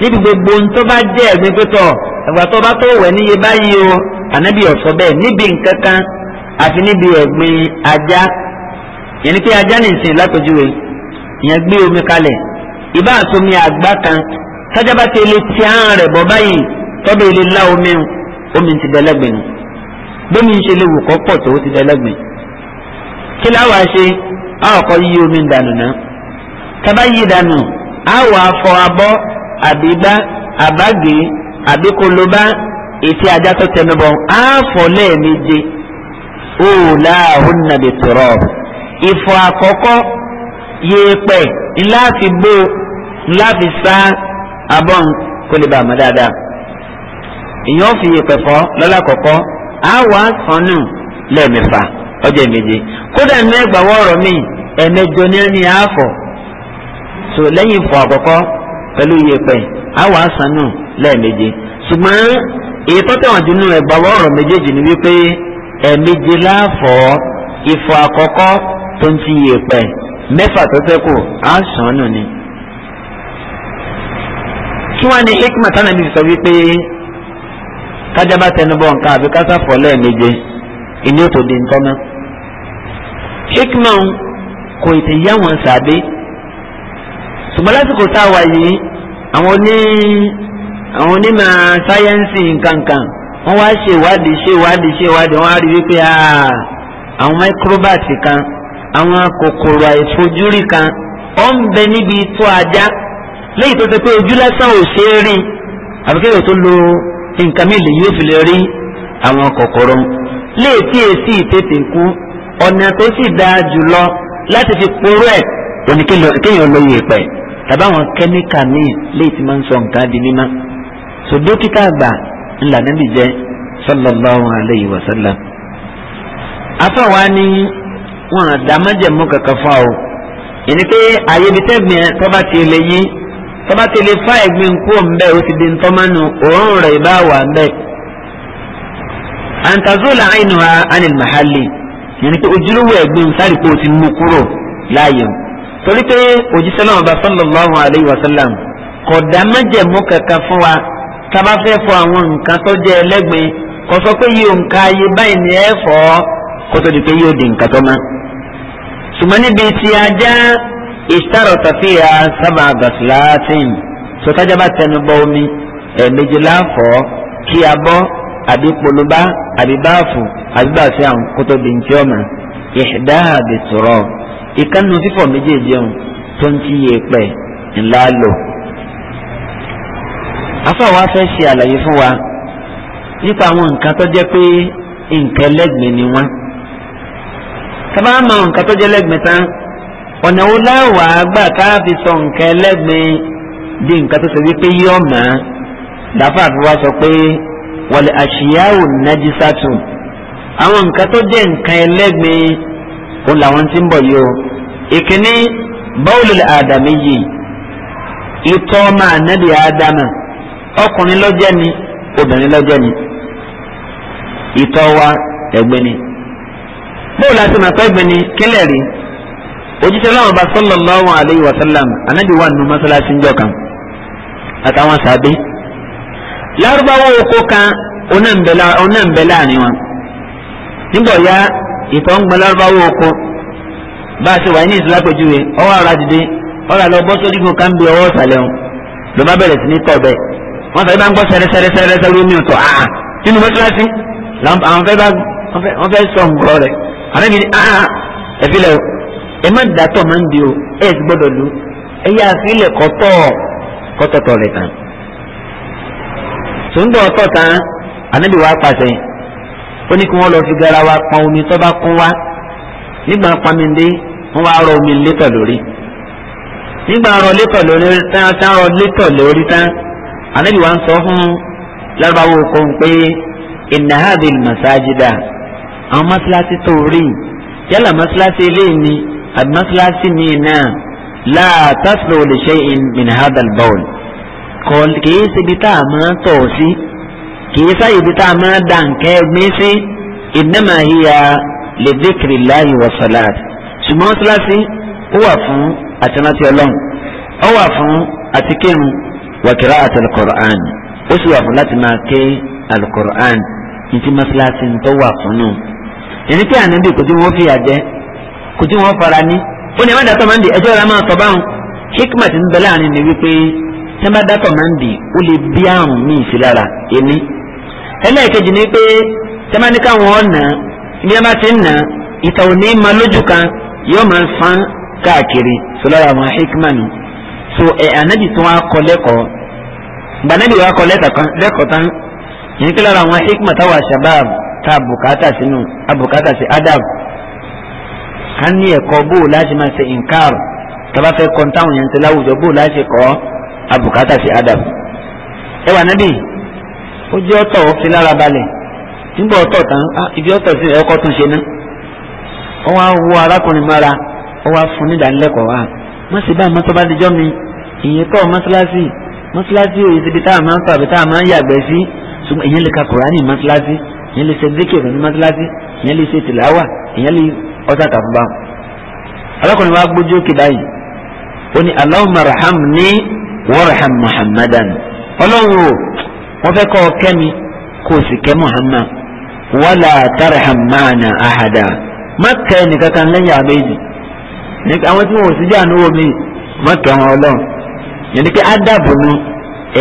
níbi gbogbo tó bá jẹ́ ẹ̀gbin pẹ́tọ̀ ẹ̀gbà tó bá tó wẹ̀ níye báyìí o ànábì ọ̀sọ́ bẹ́ẹ̀ níbi nǹkan kan àfi níbi ẹ̀gbin ajá yẹn ni pé ajá ní ìsìn lápẹjúwe yẹn gbé omi kalẹ̀ ìbá àtomi àgbá kan tájá bá ti lè ti àrùn rẹ̀ bọ̀ báyìí tọ́bẹ̀ ilé lá omi omi ti dẹ́lẹ́gbẹ̀ẹ́ nù ń ṣe léwu kọ́ pọ̀ tó ti dẹ́lẹ́gbẹ̀ẹ́ kí láwàá ṣe a kọ́kọ́ yí omi dànù náà tábà yí dànù a wà fọ abọ́ àbígbá àbágé àbíkolóbá ètí ajá tó tẹnubọ a fọ lẹ́ẹ̀méje ó láàhùn nàbì tọrọ ìfọ àkọ́kọ́ yéèpẹ̀ ńlá fi madada, ńlá fi sá abọ́ kó lè bàmọ́ dáadáa èèyàn yèèpẹ̀ fọ lọ́la kọ̀kọ́ a wà lẹ́ẹ̀mẹ́fà ọjọ́ méje kódà ní ẹgbàá wọ́ọ̀rọ̀ mi ẹ̀mẹjọ ní ẹni àáfọ̀ so lẹ́yìn ìfọ̀ àkọ́kọ́ pẹ̀lú iyẹ̀pẹ̀ àwọn àṣànù lẹ́ẹ̀méje ṣùgbọ́n èyí tó tẹ̀wọ̀n dínú ẹgbàá wọ́ọ̀rọ̀ méjèèjì ni wípé ẹ̀méje láàfọ̀ ìfọ̀ àkọ́kọ́ tó ń ti iyẹ̀pẹ̀ mẹ́fà tó fẹ́ kù àṣànù ni. kí wọ́n ní hikma tánàbí sọ wípé kájábá tẹnubọ̀ nǹkan àbíkásá fọ̀ lẹ́ẹ̀méje ìní òtòdì nǹkan náà hikma kò ètè yá wọn sàbẹ ṣùgbọ́n lásìkò tá a wà yìí àwọn oní àwọn onímọ̀ sáyẹ́ǹsì nkankan wọ́n wá ṣe ìwádìí ṣe ìwádìí ṣe ìwádìí wọ́n á rí wípé àwọn microbat kan àwọn kòkòrò àìfojúrí kan ó ń bẹ níbi tó ajá lẹ́yìn tó ti pé ojú lásán ò ṣe é rí àbíkẹ́yọ̀ tó lo nǹkan mi lè yóò fi lè rí àwọn kòkòrò léèkì èsì ìtètè kú ọ̀nà tó sì dáa jùlọ láti fi poró ẹ̀ òní kéèyàn lóye pẹ̀ tàbí àwọn kẹ́míkà míì léyìí tí máa ń sọ nǹkan di mímá so dókítà àgbà ńlá níbi jẹ́ sallallahu alayhi wa sallam. afáwa ni wọn àdá májẹ̀mú kankan fún ọ ìní pé àyè ibi tẹ́gbìn ẹ tọ́ba ti lè yí tọ́ba ti lè fá ẹ̀gbìn kú òǹbẹ́ ó ti di ntọ́mánu òórùn rẹ̀ ìbá wà ń bẹ́ẹ̀. àǹtàzúlà àìnùhà anil mahali yẹn ni pé ojúlówó ẹ̀gbin sáré pé o ti mú kúrò láàyè o torí pé òjíṣẹ́ náà bá sallallahu alayhi wa sallam kò dá májẹ̀mú kankan fún wa tábà fẹ́ fọ àwọn nǹkan tó jẹ́ ẹlẹ́gbin kò sọ pé yìí òǹkà ayé báyìí ni ẹ fọ́ kó tó di pé yóò di nǹkan tó má. ṣùgbọ́n níbi tí a já ìṣàrọ̀ tàfíà sábà gàṣìláàtìn sọtájà bá tẹnubọ omi ẹ̀ẹ̀mejì láàfọ̀ kí a bọ́ àbí polúbá àbí báàfù àbí bàfẹ́ àwọn kótó bí ntí ọmọ ìdá àbí sọ̀rọ̀ ìkànnì fífọ̀ méjèèjì ọ̀hún tó ń ti yé pẹ̀ ńlá lò. afáwa fẹ́ ṣe àlàyé fún wa nípa àwọn nǹkan tó jẹ́ pé nǹkan ẹlẹ́gbẹ̀ẹ́ ni wọ́n. sábà máa nǹkan tó jẹ́ ẹlẹ́gbẹ̀ẹ́ tán ọ̀nà wo láwàá gbà ká fi sọ nǹkan ẹlẹ́gbẹ̀ẹ́ di nǹkan tó ṣe wípé yí ọ̀mà láfàá fi sọ pé wàlẹ̀ àṣìyáwò najisatu àwọn nǹkan tó jẹ́ nǹkan ẹlẹ́gbin ó làwọn ti ń bọ̀ yìí o ìkíní báwòlù àdàmì yìí ìtọ́ máa nẹ́bí àdàmà ọkùnrin lọ́jẹ́ ni obìnrin lọ́jẹ́ ni ìtọ́ wa ẹ̀gbin ni báwo la ti kílẹ̀ rí òjíṣẹ́ láwọn ọba sallallahu alayhi wa sallam anábìwá nù mọ́sálásí ń jọ kan àtàwọn sàbẹ́ lárúbáwá oko kan ọ̀nà ń bẹ láàrin nígbà ọ̀yá ìtọ́ ń gbọ́n lárúbáwá oko bá a ṣe wà ní ìsìlá pẹ̀júwe ọwọ́ ara dìde ọ̀rọ̀ àlọ́ bọ́ sórí gun kan bí ọwọ́ ìsàlẹ̀ wọn ló bá bẹ̀rẹ̀ sí ní tọ̀ bẹ́ẹ̀ wọ́n fẹ́ bá ń gbọ́ sẹ́rẹ́sẹ́rẹ́sẹ́rẹ́ lómi ọ̀tọ̀ àà nínú mọ́tíláṣí àwọn fẹ́ bá wọ́n fẹ́ sọ nǹkan rẹ̀ àwọn ah, ah, ẹ̀mí àà ẹ̀fílẹ̀ o ẹ má dàtọ̀ máa ń di o ẹ̀ gbọ́dọ̀ lu ẹ̀yà àfilẹ̀ tó ń gbọ́ ọtọ̀ tán ànábì wa pàṣẹ ó ní kí wọ́n lọ fi garawa pọn omi tó bá kún wá nígbà paminde wọ́n wá rọ omi létọ̀ lórí nígbà rọ létọ̀ lórí tán tán rọ létọ̀ lórí tán ànábì wa ń sọ fún lárúbáwò kan pé inna hadhihi àwọn mọ́sálásí tó rí yálà mọ́sálásí eléyìí ni àbí mi náà la taslu li shay'in min kìí síbi tá a máa tọ̀ sí kìí sáyé ibi tá a máa dà nkẹ́ mí sí innama hiya li dhikrillahi wa salat ṣùgbọ́n mọ́ṣáláṣí ó wà fún àtẹnáti ọlọ́run ó wà fún àtikẹ́rùn wa qira'at al-Qur'an ó sì wà fún láti máa ké al-Qur'an ní ti mọ́ṣáláṣí tó wà fún nù. ẹni pé ànábì kò tí wọ́n fi àjẹ́ kò tí wọ́n fara ní ó ní ẹ̀ má máa ń di ẹjọ́ ra máa tọ́ ń bẹ láàrin ni wípé tí wọ́n bá dátọ̀ máa ń dì ó lè bí àrùn míì sí lára ẹni. ẹlẹ́ẹ̀kejì ni pé tí wọ́n bá ní káwọn ọ̀nà ní wọ́n bá ti ń nà ìtàn òní máa lójú kan yóò máa fán káàkiri sọ lára àwọn hikmanu so ẹ anabi tí wọ́n á kọ lẹ́kọ̀ọ́ gbanabi wa kọ lẹ́kọ̀ọ́ tán yìí kí lára àwọn hikma táwa shabab tá abùkátà sínú abùkátà sí adab ká ní ẹ̀kọ́ bó o láti máa ṣe nkar tá a bá fẹ́ kọ́ táwọn yẹn ń ṣe láwùjọ bó o láti kọ́ ọ́ abùkátà sí adab ẹ wà nábì ó jẹ́ ọ̀tọ̀ ó fi lára balẹ̀ nígbà ọ̀tọ̀ tán ah, ibi ọ̀tọ̀ sí ẹ̀kọ́ tún ṣe náà ó wá wo arákùnrin mọ́ra ó wá fún ní ìdánilẹ́kọ̀ọ́ wa ah, má bá àmọ́ mi ìyẹn kọ́ mọ́sálásì mọ́sálásì òye síbi tá a máa ń fà bí tá a máa ń yàgbẹ́ sí ṣùgbọ́n ìyẹn lè ka kùránì mọ́sálásì ìyẹn lè ṣe díkìrì ní mọ́sálásì ìyẹn lè ṣe tìláwà ìyẹn lè ọ̀tá kàfùbà. arákùnrin wa gbójú òkè báyìí ó ní Allahumma rahamni warham muhammadan ọlọ́run o wọ́n fẹ́ kọ́ ọ kẹ́mi kó o sì kẹ́ muhammad wala tarham ma'ana ahada má kẹ́ nìkankan lẹ́yìn àbẹ́yìí àwọn tí wọn ò sí jẹ́ àánú omi má kẹ́ wọn ọlọ́run yẹn ni pé ádàbò nu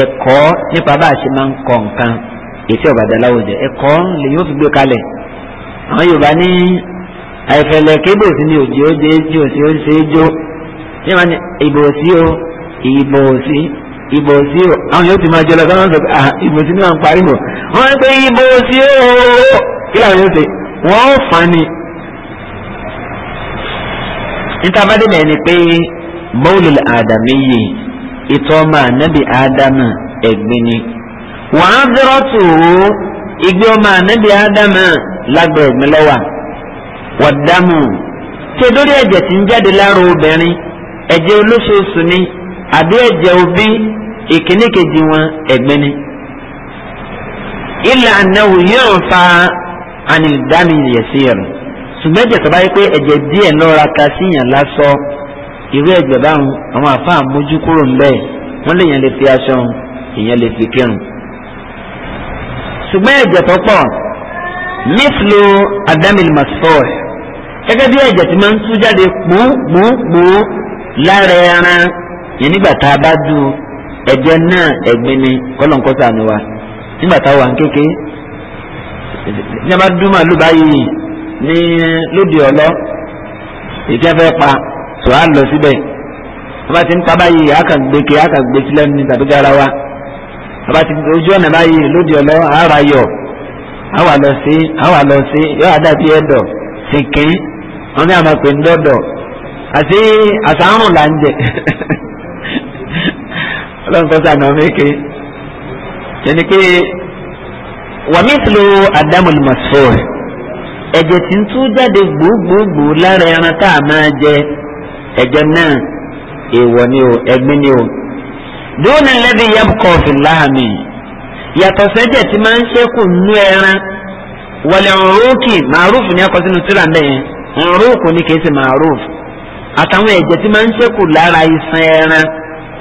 ẹ̀kọ́ nípa bá a ṣe máa ń kọ nǹkan ètò ọ̀bàdàláwò jẹ ẹ̀kọ́ lè yóò fi gbé kalẹ̀ àwọn yorùbá ní àìfẹ̀lẹ̀ kébòsí ni òjì ó dé tí òsì ó ṣe é jó ní ìbòsí o ìbòsí ìbòsí o àwọn yóò ti máa jẹ lọ́sọ́ wọn sọ pé ah ìbòsí ni wọ́n ń parí mọ̀ wọ́n ń pe ìbòsí o kí làwọn yóò ṣe wọ́n ó fà ni. níta bá débẹ̀ ni pé bọ́ọ̀lù àdàmì yìí ìtọ́ ọmọ ànábì ádámà ẹ̀gbin ni wọ́n á dúró tù ú ìgbé ọmọ ànábì ádámà lágbàá ẹ̀gbin lọ́wà wọ́n dámù tí dórí ẹ̀jẹ̀ tí ń jáde lára obìnrin ẹ̀jẹ̀ olóṣooṣù ni àbí ẹ̀jẹ̀ òbí ìkíní kejì wọn ẹ̀gbẹ́ ni. ilẹ̀ anáwó yóò fa anìdámi yẹ̀sí rẹ̀ ṣùgbọ́n ẹ̀jẹ̀ tó bá yẹ pé ẹ̀jẹ̀ díẹ̀ lọ́ra ka síyàn lásọ irú ẹ̀jẹ̀ báwọn àwọn àfáà mójú kúrò ń bẹ́ẹ̀ wọ́n lè yàn lè fi aṣọ ìyẹn lè fi kírun. ṣùgbọ́n ẹ̀jẹ̀ tó pọ̀ mífìlò adámìlì masfor gẹ́gẹ́ bí ẹ̀jẹ̀ tí máa ń tú jáde gbùngbùngbùn lára ẹran yẹn nígbà tá a bá du ẹ̀jẹ̀ náà ẹ̀gbin ni kọ́lọ́nkọ́ sànù wa nígbà tá a wà ń kéke ní a bá dún màálù báyìí ní lóde ọ̀lọ́ ìjẹ́fẹ́ pa tó a lọ síbẹ̀ a bá ti ń pa báyìí a kàn gbé ke a kàn gbé sílẹ̀ ní tàbí gara wa a bá ti ojú ọ̀nà báyìí lóde ọ̀lọ́ a ra yọ̀ a wà lọ sí a wà lọ sí yóò àdàbí ẹ̀dọ̀ sìnkín wọn ní àmọ̀ pé ń dọ́dọ̀ àti àsárùn là ń jẹ. <laughs> ọlọ́run kọ́ sànà méke yẹnni pé wàmísìlò àdámù masfor ẹ̀jẹ̀ tí ń tú jáde gbogbogbò lára ẹran tá a máa jẹ ẹ̀jẹ̀ náà èèwọ̀ ni o ẹ̀gbin ni o dúnà lẹ́bi yabkọ̀ fìlàmì yàtọ̀ sẹ́jẹ̀ tí máa ń ṣẹ́kù nú ẹran wọlé ọ̀rọ̀kì màrúfù ni akọ́sínú tíra mẹ́yẹn ọ̀rọ̀kù ni kìí ṣe màrúfù àtàwọn ẹ̀jẹ̀ tí máa ń ṣẹ́kù lára iṣan ẹran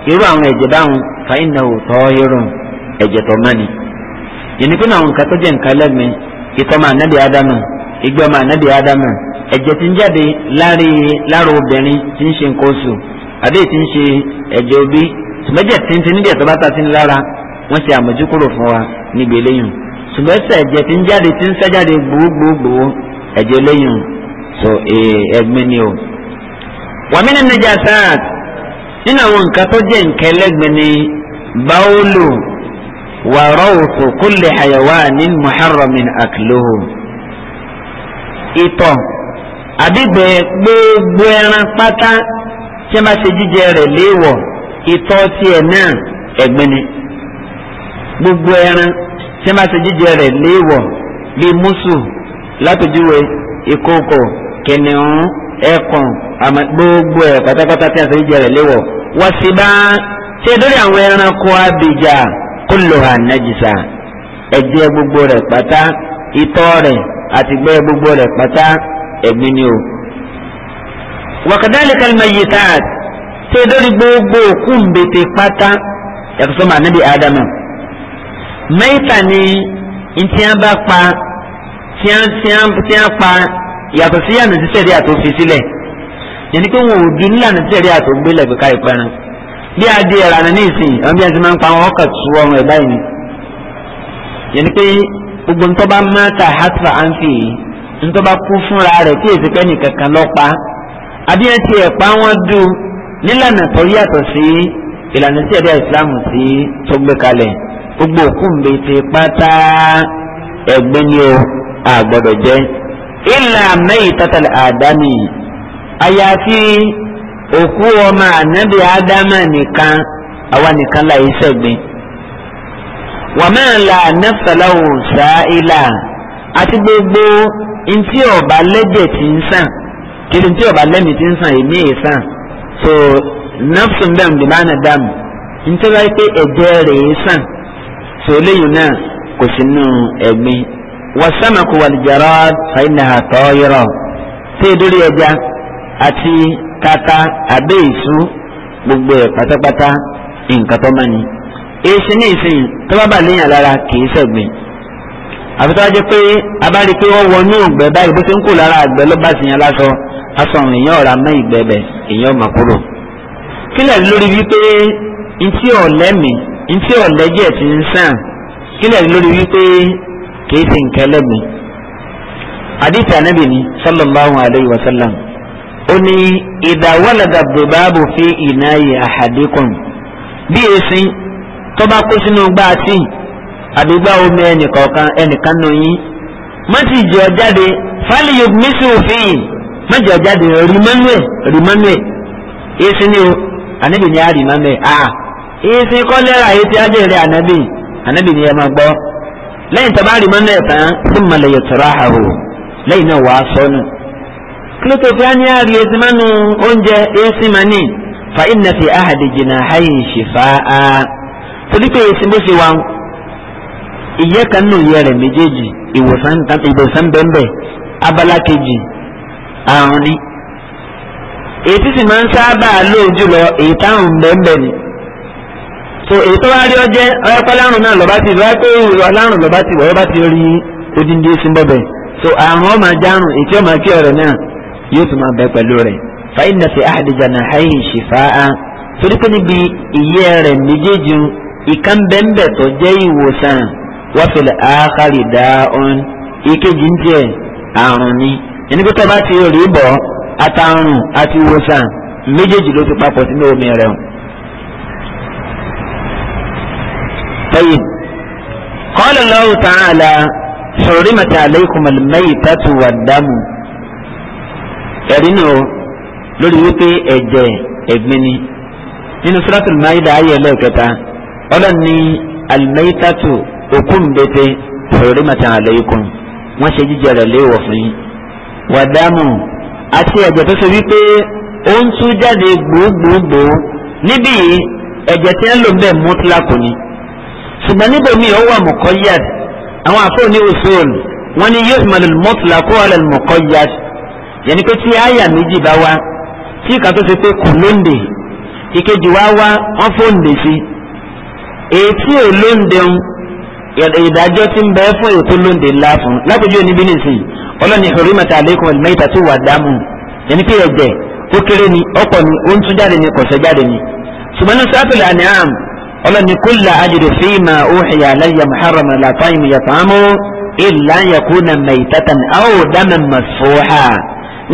irú àwọn ẹ̀jẹ̀ báwọn fàáyínàwó tọ́hírùn ẹ̀jẹ̀ tó mọ́ni. ìnípínà àwọn nǹkan tó jẹ́ nǹkan lẹ́mí ìtọ́mọ ànábì ádámà ìgbẹ́ ọmọ ànábì ádámà ẹ̀jẹ̀ tí ń jáde lára obìnrin tí ń ṣe nǹkan oṣù àbí tí ń ṣe ẹ̀jẹ̀ òbí ṣùgbẹ́jẹ̀ tíntín níbi ẹ̀tọ́ bá ta sí lára wọ́n ṣe àmójúkúrò fún wa níbi eléyìn ṣùgbẹ́sẹ̀ ẹ̀jẹ̀ tí ń jáde tí ń sẹ́jáde gbogbogbò ẹ̀jẹ̀ eléyìn so eh, ẹ̀gbin ni o. wàmí ni nínú àwọn nǹkan tó jẹ́ nǹkan ẹlẹ́gbẹ̀ẹ́ ni báwòlù wà rọ́wùtù kulli hayawanin muharramin akluhu. ìtọ̀ àbígbẹ́ gbogbo ẹran pátá tí a bá ṣe jíjẹ rẹ̀ léèwọ̀ ìtọ̀ tiẹ̀ náà ẹ̀gbin ni gbogbo ẹran tí a bá ṣe jíjẹ rẹ̀ léèwọ̀ bíi mùsù látòjúwe ìkookò kìnìún ẹkùn gbogbo ẹ̀ pátápátá tí a ṣe jíjẹ rẹ̀ léèwọ̀ wàsíbá tí lórí àwọn ẹranko abìjà kulluha najisa ẹ̀jẹ̀ gbogbo rẹ̀ pátá itọ́ rẹ̀ àtìgbẹ́ gbogbo rẹ̀ pátá ẹ̀gbin ni o. wa kadhalika al-mayyitat tí lórí gbogbo òkú mbètè pátá yàtọ̀ sọ́mà níbi ádámù. mẹ́ta ni ntí pa tí yàtọ̀ sí yàtọ̀ sí sẹ́dí àtòfin sílẹ̀. Si yẹnni pé wọn ò dun nílànà tẹ̀lé àtògbélẹ̀ pé káyọ̀ pẹ́ran bí adé ẹ̀rà ní ìsìn àwọn bí wọn ti máa ń pa wọn ọkọ̀ tu ọrùn ẹ̀ báyìí ni yẹnni pé gbogbo ntọ́ bá máta hatfa anfi ntọ́ bá kú fúnra rẹ̀ tí èsì pẹ́ nìkankan lọ́ pa abíyẹn ti ẹ̀ pa wọn du nílànà tó yàtọ̀ sí ìlànà tí ẹ̀dá ìsìlámù sí tó gbé kalẹ̀ gbogbo òkú mbẹ ti pátá ẹ̀gbẹ́ o àgbọ̀dọ̀ jẹ́ ìlànà ìtàtàlẹ̀ àdáni àyàfi òkú ọmọ ànábì ádámà nìkan àwa nìkan láyé sẹ́gbin wàmọ́ la nẹ́fẹ̀láwò sáílà àti gbogbo ntí ọba lẹ́jẹ̀ tí ń sàn kiri ntí ọba lẹ́mìí tí ń sàn èmi è sàn so nafsun bẹ́ẹ̀ ndì máa nà ntí wọ́n pé ẹ̀jẹ̀ rẹ̀ è sàn so eléyìí náà kò sí nù ẹ̀gbin wàsámà kò wà lìjàrá fàyínà àtọ́ yẹrọ tí èdórí ẹja àti kata abẹ́ ìṣú gbogbo ẹ̀ pátápátá nǹkan tó máa ní. èsì ní ìsìn tó bá bà léèyàn lára kì í ṣẹ̀gbìn. àfitọ́ ajẹ́ pé abárí pé wọ́n wọnú ògbẹ́ báyìí bó ṣe ń kù lára àgbẹ̀ ló bá sì yẹn lásọ aṣọ àwọn èèyàn ọ̀rá mọ́ ìgbẹ́ bẹ̀ èèyàn mà kúrò. kílẹ̀ lórí wípé ntí ọ̀lẹ́mì ntí ọ̀lẹ́jẹ̀ ti ń sàn kílẹ̀ lórí wípé kì í ṣe nǹkan àdìsí ànábì ni sallallahu alayhi wa sallam. ó ní ìdáwọ́lẹ̀dà dòbáàbò fi ìnáyè àhàdékùn bí èsì tó bá kó sínú omi ẹnìkan nù yín má ti jọ jáde fáliyò mísì òfin ma jọ jáde rìmánúẹ̀ rìmánúẹ̀ èsì ni o ni a rìmánúẹ̀ a èsì ni ẹ máa gbọ́ kílótò a ánì àrí onje oúnjẹ esimani fa iná fi ahadi jìnnà hayi ha á esi pé esin bó ṣe wà ìyẹ́ kan nù yẹ rẹ̀ méjèèjì abala kejì àrùn ni èyí sì máa ń sábà ni so èyí tó wá rí ọjẹ́ ọ̀yẹ́pẹ́ lárùn náà ti lọ́ba pé ìrọ̀ lárùn ti wọ́yọ́ bá ti rí odindi so àrùn ọmọ ajárùn èyí tí náà. yóò tún máa bẹ pẹ̀lú rẹ̀ fa inna fi ahadi janahayi shifaa torí pé níbi ìyẹ́ rẹ̀ méjèèjì ìkan bẹ́ńbẹ́ tó jẹ́ ìwòsàn wa fil akhari da'un ìkejì ń tiẹ̀ àrùn ni ẹni pé tó bá ti rí bọ̀ àtàrùn àti ìwòsàn méjèèjì ló ti papọ̀ sínú omi rẹ̀ o. طيب قال الله تعالى حرمت عليكم الميتة والدم ẹ̀rí náà lórí wípé ẹ̀jẹ̀ ẹ̀gbin ni nínú suratul maida ayé ẹlẹ́ẹ̀kẹta ọlọ́ni alimaitatu okumbete hurimatan alaykum wọ́n ṣe jíjẹ rẹ̀ léèwọ̀ fún yín wàdámù àti ẹ̀jẹ̀ tó ṣe wípé ó ń tú jáde gbòógbòógbò níbí ẹ̀jẹ̀ tí ń lò ń bẹ̀ mutlaku ni ṣùgbọ́n níbòmíì ó wà muqayyad àwọn àfọ̀ ní usul wọ́n ní yuhmalul yẹni pé tí àyà méjì bá wá tí ìka tó ṣe pé kò lóńdè ìkejì wá wá wọn fóńdè sí ètí ò lóńdè ń ìdájọ́ tí ń bẹ fún ètò lóńdè ńlá fún lápẹjù oníbí nìsín ọlọ́ni hurimat alaykum al-maytatu wa damu yẹni pé ẹ̀jẹ̀ ó kéré ni ọ̀pọ̀ ni ó ń tún jáde ni kọ̀ṣẹ́ jáde ni ṣùgbọ́n ní suratul an'am ọlọ́ni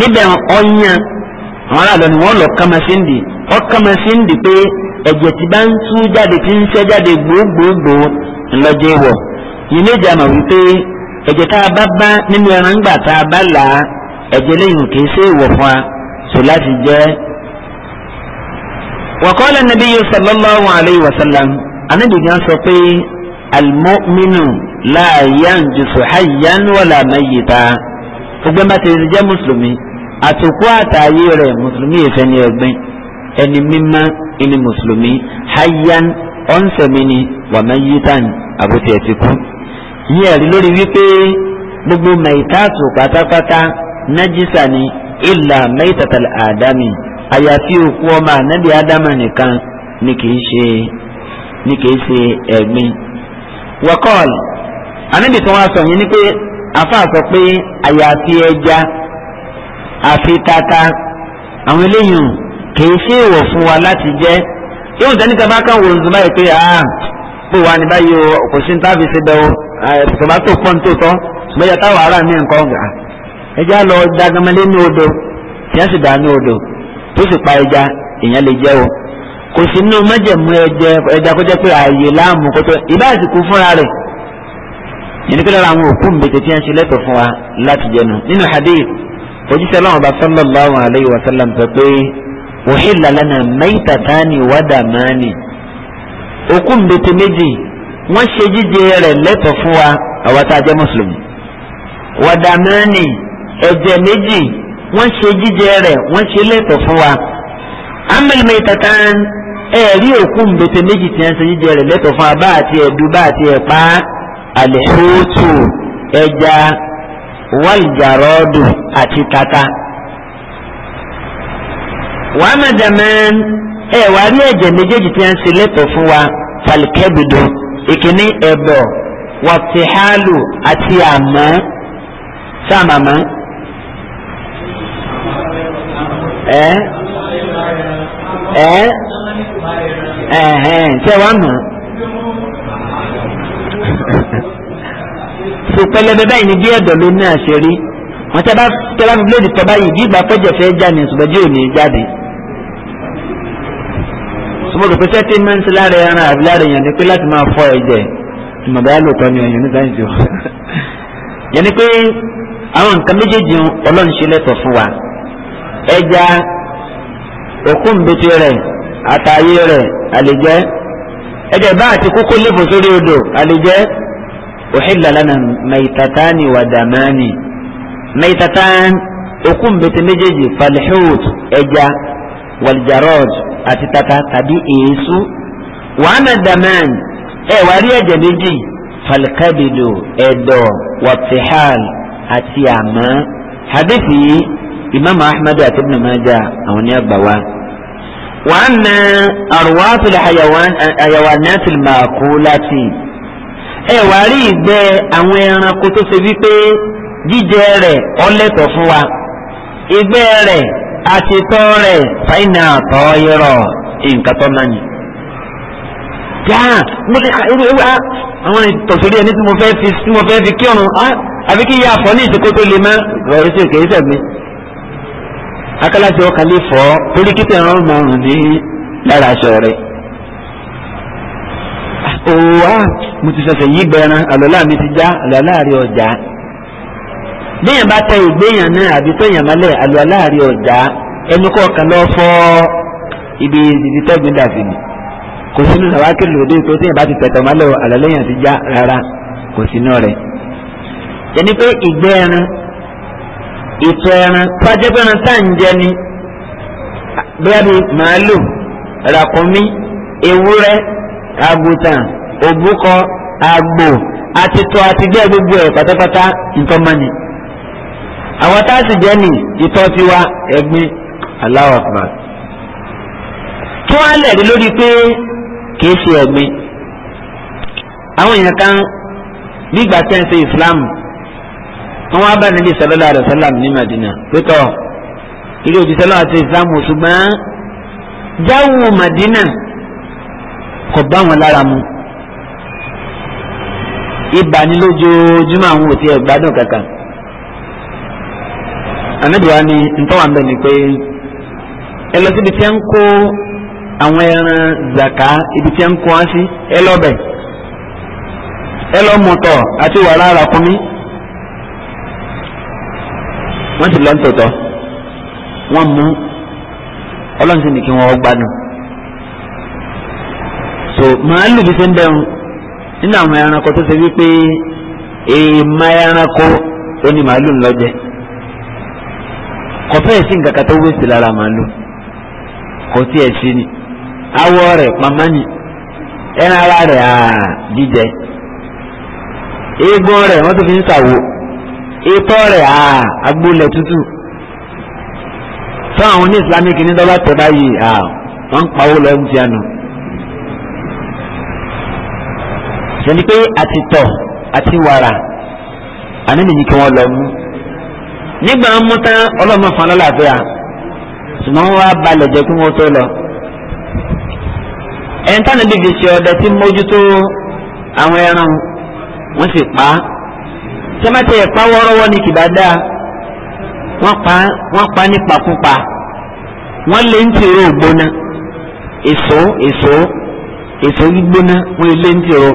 níbẹ̀ ọ̀yàn àwọn aráàlú ni wọ́n lọ kama sí ndì ọ kama sí ndì pé ẹ̀jẹ̀ tí bá ń tú jáde tí ń ṣẹ́ jáde gbogbogbò ńlọ́jẹ́ wọ̀ yìí méjì àmọ̀ wípé ẹ̀jẹ̀ tá a bá bá nínú ẹran gbà tá a bá là á ẹ̀jẹ̀ lẹ́yìn kì ṣe ìwọ̀ fún wa sọ láti jẹ́. wàkọ́lẹ̀ nàbí yìí sallallahu alayhi wa anábìyàn sọ pé al-mu'minu la yanjusu hayyan wala mayyita gbogbo ẹ̀ bá ti jẹ́ mùsùlùmí àtòkú àtàyè rẹ̀ mùsùlùmí ìfẹ́ ni ẹ̀gbin ẹni mímá ẹni mùsùlùmí hayyan ọ̀nsẹ̀mí ni wàmáyítàn àbútí ẹ̀ ti kú. yíyẹ rí lórí wípé gbogbo mẹ̀tàtù pátápátá nájísà ni ìlà mẹ́tàtàlẹ̀ àdámì àyàfi òkú ọmọ ànábì ádámà nìkan ni kìí ṣe ni kìí ànábì tí wọ́n sọ yẹn ni pé afa sọ pé àyàfi ẹja àfi tata àwọn eléyìí kìí ṣe èèwọ̀ fún wa láti jẹ yóò tẹ́ni tá a bá kàn wò nzúmọ́ yìí pé ah pé wà ní báyìí o kò sí níta fi ṣe bẹ o tòmátò pọ̀ ní tòótọ́ ṣùgbọ́n yàtá wàhálà mi nǹkan ah, ọ̀gá ẹja lọ dagamale ní odò tí a sì dà ní odò tó sì pa ẹja èèyàn lè jẹ o kò sí nínú májẹ̀mú ẹja kó jẹ́ pé ààyè láàmú kó tó ìbá àsìkò fúnra rẹ̀ yẹn kí lọ́la àwọn òkú mbètè tí a ṣe lẹ́tọ̀ fún wa láti jẹnu nínú hadith òjíṣẹ́ lọ́wọ́ bá sallallahu alayhi wa sallam sọ pé uhilla lana maytatani wa damani òkú mbètè méjì wọ́n ṣe jíjẹ rẹ̀ lẹ́tọ̀ fún wa àwa tá a jẹ́ mùsùlùmí wa damani ẹ̀jẹ̀ méjì wọ́n ṣe jíjẹ rẹ̀ wọ́n ṣe lẹ́tọ̀ fún wa amal maytatan ẹ̀rí òkú mbètè méjì tí a ṣe jíjẹ rẹ̀ lẹ́tọ̀ fún wa bá àti ẹ̀dú bá àti ẹ̀pá alihutu ẹja wàlìjàrọ́dù àti tata. wàá mẹ́dàmẹ́ ẹ wà rí ẹ̀jẹ̀ méjèèjì tí a ń ṣe lẹ́tọ̀ọ́ fún wa falkẹ́bìdò ìkíní ẹ̀bọ̀ wàtíhálù àti àmọ́ sàmàmọ́. ẹ ẹ ẹhẹn tẹ wàá mọ̀. fò pẹlẹbẹ báyìí ní bí ẹ̀dọ̀ ló náà ṣe rí wọn tẹ bá tẹ bá fi bíléèdì báyìí bí ìgbà pẹ́jọ fẹ́ já ní ṣùgbọ́n díẹ̀ ò ní jáde. sọmọ kò pèsè tí máa ń ṣe àbí lára èèyàn ni pé láti máa fọ ẹ̀jẹ̀ ìmọ̀dá lóòótọ́ ni èèyàn ní sáyẹ̀nsì o. <laughs> yẹn ni pé àwọn nǹkan méjèèjì ọlọ́run ṣe lẹ́tọ̀ fún wa ẹja òkúńbete rẹ̀ àtàyè rẹ̀ àlejẹ́ ẹ̀jẹ̀ bá àti kókó lébò sórí odò àlejẹ́ òhìlà lánàá mẹ̀tàtàní wà dàmánì mẹ̀tàtàn òkú mbẹ́tẹ méjèèjì falihut ẹja wàlìjàrọ́d àti tata tàbí èésú wàhánà dàmán ẹ e wà rí ẹ̀jẹ̀ méjì falikabido ẹ̀dọ̀ wàtihal àti àmọ́ hadithi yìí imam ahmed àti ibn majah àwọn ní àgbà wa. وأما أرواح الحيوانات المأكولة ẹ wá rí ìgbẹ́ àwọn ẹranko tó ṣe wípé jíjẹ rẹ̀ ọlẹ́tọ̀ fún wa ìgbẹ́ rẹ̀ àtìtọ́ rẹ̀ fàyínà àtọ̀ yẹrọ nǹkan tó náà ni. yáà mo lè ka irú ewu ah, àwọn ìtọ̀sórí ẹni tí mo fẹ́ fi tí mo fẹ́ fi kí ọ̀run ah, àbí kí ìyá àfọ̀ ní ìsìnkú tó le mọ́ ọ̀rọ̀ sí òkè ìṣẹ̀ mi. akálàṣe ọkàn lè fọ́ torí kí tẹ̀rán mọ̀ọ́rùn ní lára aṣọ rẹ̀ mo ti sọ̀sẹ̀ yí gbẹran àlọ́lá mi ti já àlọ́lá rí ọjà bẹ́ẹ̀ bá tẹ ìgbéyàn náà àbí tó yàn mọ́lẹ̀ àlọ́lá ọjà ẹnu kọ̀ọ̀kan lọ fọ́ ibi ibi tẹ́gbìn dàbí ni kò sínú sàwákì lòdì tó tẹ̀yìn bá ti tẹ̀tọ̀ mọ́lẹ̀ àlọ́lá yàn ti já rárá kò sínú rẹ̀ yẹni pé ìgbẹ́ ẹran ẹran fàjẹ́pẹ́ tá ń jẹ ni bẹ́ẹ̀ bí màálù ràkúnmí ewúrẹ́ àgùtàn òbúkọ àgbò àtìtọ́ àtìgbẹ́ gbogbo ẹ̀ pátápátá nǹkan mọ́ni. àwọn tá a sì jẹ́ ní ìtọ́ tiwa ẹ̀gbin aláwọ̀ kan. tí wọ́n á lẹ̀ rí lórí pé kìí ṣe ẹ̀gbin. àwọn èèyàn kan bí tẹ́ ń ṣe Islam wọ́n wá bá níbi sallallahu alaihi wasallam ní Madina pétọ́ ilé òjíṣẹ́ lọ́wọ́ àti Islam ṣùgbọ́n jáwù Madina kò bá wọn lára mu ìbàní lójoojúmọ́ àwọn òtí ẹ̀ gbádùn kankan ànábìwá ni ntọ́wà ń bẹ̀ ni pé ẹ lọ síbi tí ẹ ń kó àwọn ẹran zaka ibi tí ẹ ń kó wá sí ẹ lọ ẹ lọ mọ̀tọ̀ àti wàrà àràkúnmí wọ́n ti lọ ń tòótọ́ wọ́n mú ọlọ́run sì ní kí wọ́n gbádùn so màálù bí sẹ́ ń bẹ̀rù nínú àwọn ẹranko tó ṣe wípé èèmà ẹranko ó ní màálù ńlọjẹ kò fẹ́ẹ̀ sí nǹkan kan tó wéṣì lára màálù kò tí ẹ̀ ni awọ rẹ̀ pamọ́ ni ẹran ara rẹ̀ jíjẹ eegun rẹ̀ wọ́n tó fi ń ṣàwò itọ́ rẹ̀ agbólẹ̀ tútù fún àwọn oní islamic ní dọ́là tẹ̀ báyìí wọ́n ń pawó lọ́wọ́ ti àná. sẹ́ni pé àti tọ̀ àti wàrà àníbi yìí kí wọ́n lọ mú nígbà mú tán ọlọ́mọ fún ọlọ́làfíà ṣùgbọ́n wọ́n wá balẹ̀ jẹ́ kí wọ́n tó lọ. ẹ̀ńtánà bíbi ṣe ọdẹ tí mójútó àwọn ẹran wọ́n sì pa á tẹ́mẹ́tẹ́ ẹ̀pá wọ́ọ́rọ́wọ́ ni kìbá dáa wọ́n pa wọ́n pa nípakúpa wọ́n lé ń tèrò ògbóná èso èso èso gbígbóná wọ́n lé ń tèrò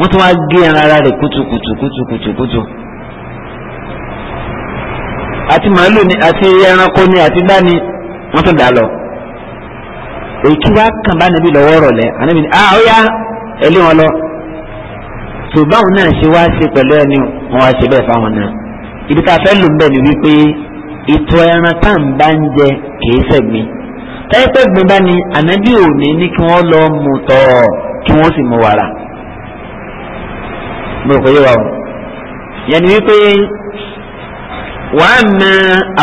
wọ́n tún wá gé ara rẹ̀ kùtùkùtù kùtùkùtù kùtù. àti màálù ni àti ẹranko ni àti dání wọ́n tún dà lọ. èkí wá kàn bá nàbí lọ́wọ́ rọ̀lẹ́ ànábi ni ah ọ̀ya ẹlẹ́ wọn lọ. tòbáwọn náà ṣe wá ṣe pẹ̀lú ẹni wọn wá ṣe bẹ́ẹ̀ fáwọn náà. ibi tá a fẹ́ lò ń bẹ̀ ni wípé ìtọ̀ ẹran tá à ń bá ń jẹ kìí fẹ̀gbin táyé pẹ́ gbin bá ní ànábì òní ní kí wọ́n lọ mú tọ̀ kí wọ́n sì mú wàrà mo rò pé yé wa o yẹn ni wípé wa amma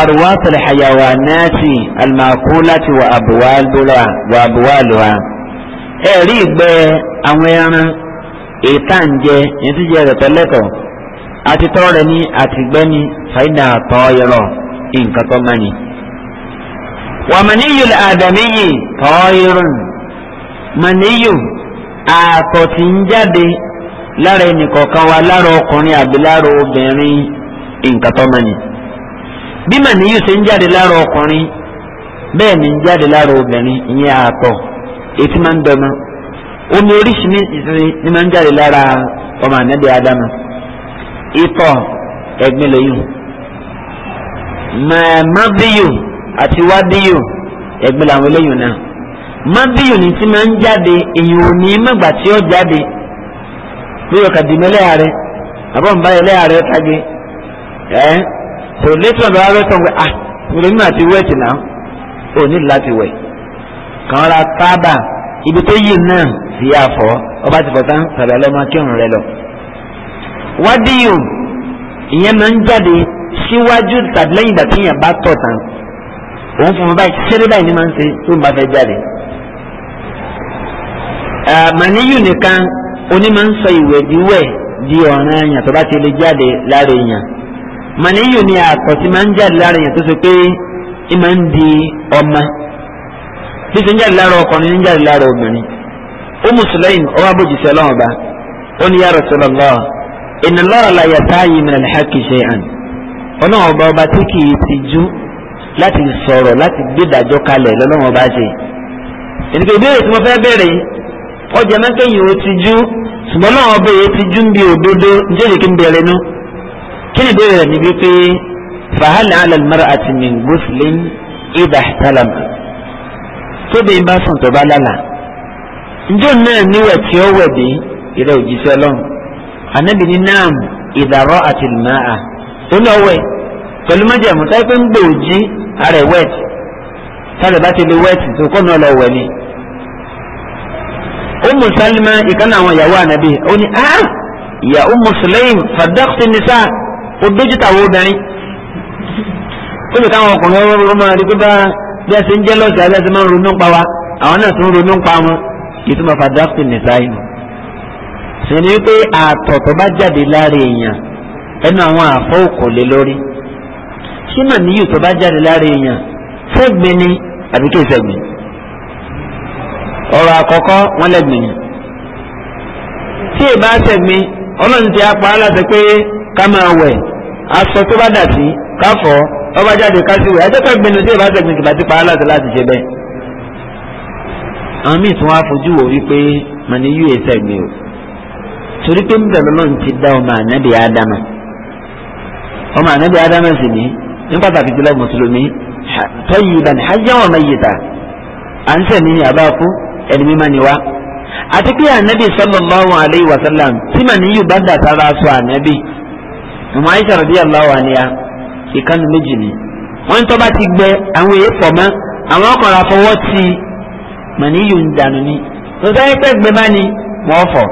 arwatul hayawanati almakulati wa abuwaluwa wa abuwaluwa ẹ rí ìgbẹ́ àwọn ẹran ìtànjẹ yẹn ti jẹ rẹ̀ pẹ́lẹ́kọ̀ọ́ àti tọ́ rẹ̀ ní àtìgbẹ́ni fàyínà tọ́ yọrọ nǹkan tó mẹ́ni. wàmàníyù àdàmíyì tọ́ irun màníyù àtọ̀ tí ń jáde lára ẹnìkọ̀ọ̀kan wa lára ọkùnrin àbí lára obìnrin nǹkan tó mọ̀ ni bí màníyù ṣe ń jáde lára ọkùnrin bẹ́ẹ̀ ni ń jáde lára obìnrin ìyẹn àtọ̀ ètí máa ń dọ́mọ omi oríṣiríṣi ni máa ń jáde lára ọmọ ànábì ádámà ìtọ̀ ẹ̀gbin lóyún mọ̀ọ́mọ́bíyù àti wádìyù ẹ̀gbin làwọn eléyìí náà mọ́bíyù ni ti máa ń jáde èyí ò ní mọ̀gbà tí ó jáde bí o kà dìmí lẹ́yà rẹ àbọ̀ nbá yẹ lẹ́yà rẹ tagi ẹ so later on lọ́wọ́ sọ pé ah ìròyìn mímọ̀ àti wẹ́ẹ̀tì náà ò ní láti wẹ̀ kàn ra tábà ibi tó yí náà sì yà fọ́ ọba ti fọ́tán sàbẹ̀ lọ́mọ kírun rẹ lọ. wádìí ìyẹn máa ń jáde síwájú tàbí lẹ́yìn ìgbà tí èèyàn bá tọ̀ tán òun fún mi báyìí ṣeré báyìí ni máa ń ṣe tó ń bá fẹ́ jáde. màníyù nìkan onímọ̀ ń sọ ìwẹ̀ díwẹ̀ di ọ̀ràn èèyàn tó bá ti lè jáde lára èèyàn màníyù ni àtọ̀ tí máa ń jáde lára èèyàn tó ṣe pé ẹ máa ń di ọmọ bí ti ń jáde lára ọkùnrin ń jáde lára obìnrin ó mùsùlùmí ọwọ́ abójúṣe ọlọ́run ọba ó ní ya Rasulullah inna Allaha la yastahyi min al-haqqi shay'an ọlọ́run ọba ọba tí kì í ti jú láti sọ̀rọ̀ láti gbé ìdájọ́ kalẹ̀ lọ́lọ́run ọba ṣe ènìkè ìbéèrè tí mo fẹ́ bẹ̀rẹ̀ yìí ọjà mẹ́kẹ́yìn ò ti jú ṣùgbọ́n náà ọbẹ̀ yẹn ti jú ń bi òdodo nítorí kí n bẹ̀rẹ̀ nu kí ni ìbéèrè rẹ̀ níbi pé fàhálà alàlùmọ́ra àti mìngúsùlẹ́n ìdá tálàmù tóbi bá sùn tó bá lálà njó náà níwẹ̀ tí ó wẹ̀ dé ìrẹ́ òjíṣẹ́ lọ́n anábì ní náàm ìdàrọ́ àti lùmáà ó ní ọwẹ́ pẹ̀lú májèmú táyé pé ń gbòòjì ara ẹ̀ Ummu Salima ìkànnì àwọn ìyàwó ànábì ó ní ah ìyá Ummu Sulaim fàdákùtì nìsá ó dójú tàwọn obìnrin ó sì káwọn ọkùnrin ọwọ́ ọmọ rẹ̀ pé bá bí a ṣe ń jẹ́ lọ́sì àbí a ṣe máa ń ronú pa wa àwọn náà tún ronú pa wọn ìtumọ̀ fàdákùtì nìsá yìí sì ni pé àtọ̀ tó bá jáde lára èèyàn ẹnu àwọn àfọ òkò lé lórí ṣé màníyù tó bá jáde lára èèyàn fẹ́gbin ni àbí kí ìfẹ́gbin ọ̀rọ̀ àkọ́kọ́ wọ́n lẹ́gbìn ni tí èbá sẹ̀gbìn ọlọ́run ti apá láti pé ká máa wẹ̀ aṣọ tó bá dà sí ká ọba jáde ká sí wẹ̀ ni tí èbá sẹ̀gbìn kìbá ti pa á láti láti ṣe bẹ́ẹ̀. àwọn míì tún wá fojú wò wípé mà ní yú èsẹ̀ mi o torí pé ń bẹ̀rẹ̀ lọ́run ti dá ọmọ ànábì ádámà ọmọ ànábì ádámà sì ní ní pàtàkì jùlọ mùsùlùmí tọ́yì ìbànújẹ́ wọn mẹ́yìí ta à ń sẹ̀ ní àbá ẹni mímọ́ ni wá àti pé ànábì sallallahu alayhi wa sallam tí màníyù bá dà sára aṣọ ànábì ọmọ Aisha radiyallahu anha ìkànnì méjì ni wọ́n ń tọ́ba ti gbẹ àwọn èèyàn pọ̀ mọ́ àwọn ọkọ̀rọ̀ àfọwọ́ ti màníyù ń dànù ni tó sáyé pẹ́ gbẹ bá ni wọ́n fọ̀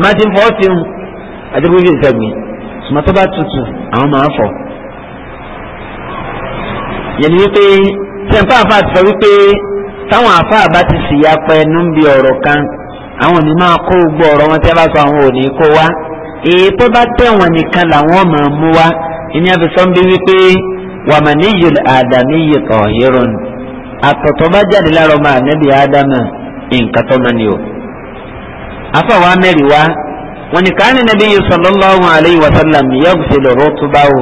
má ti fọ́ sí un àti fi gbẹ sùmọ́ tó tutù àwọn máa fọ̀ yẹn wípé tẹ̀ǹpá àfa àti sọ wípé táwọn àfáà bá ti sì ya pa ẹnu ń bi ọ̀rọ̀ kan àwọn òní máa kó gbogbo ọ̀rọ̀ wọn tí a bá sọ àwọn òní kó wá èyí tó bá tẹ̀ wọ́n nìkan làwọn máa mú wá ìní àfisọ́n bí wípé wà níyì àdàmì yìí tọ̀ yẹrùn àtọ̀tọ̀ bá jáde lára ọmọ ànábì ádámà nǹkan tó mọ ni o. afọwọ́ amẹ́rìí wá wọn ni káàní nàbí yìí sallallahu alayhi wa sallam yaghsilu rutbahu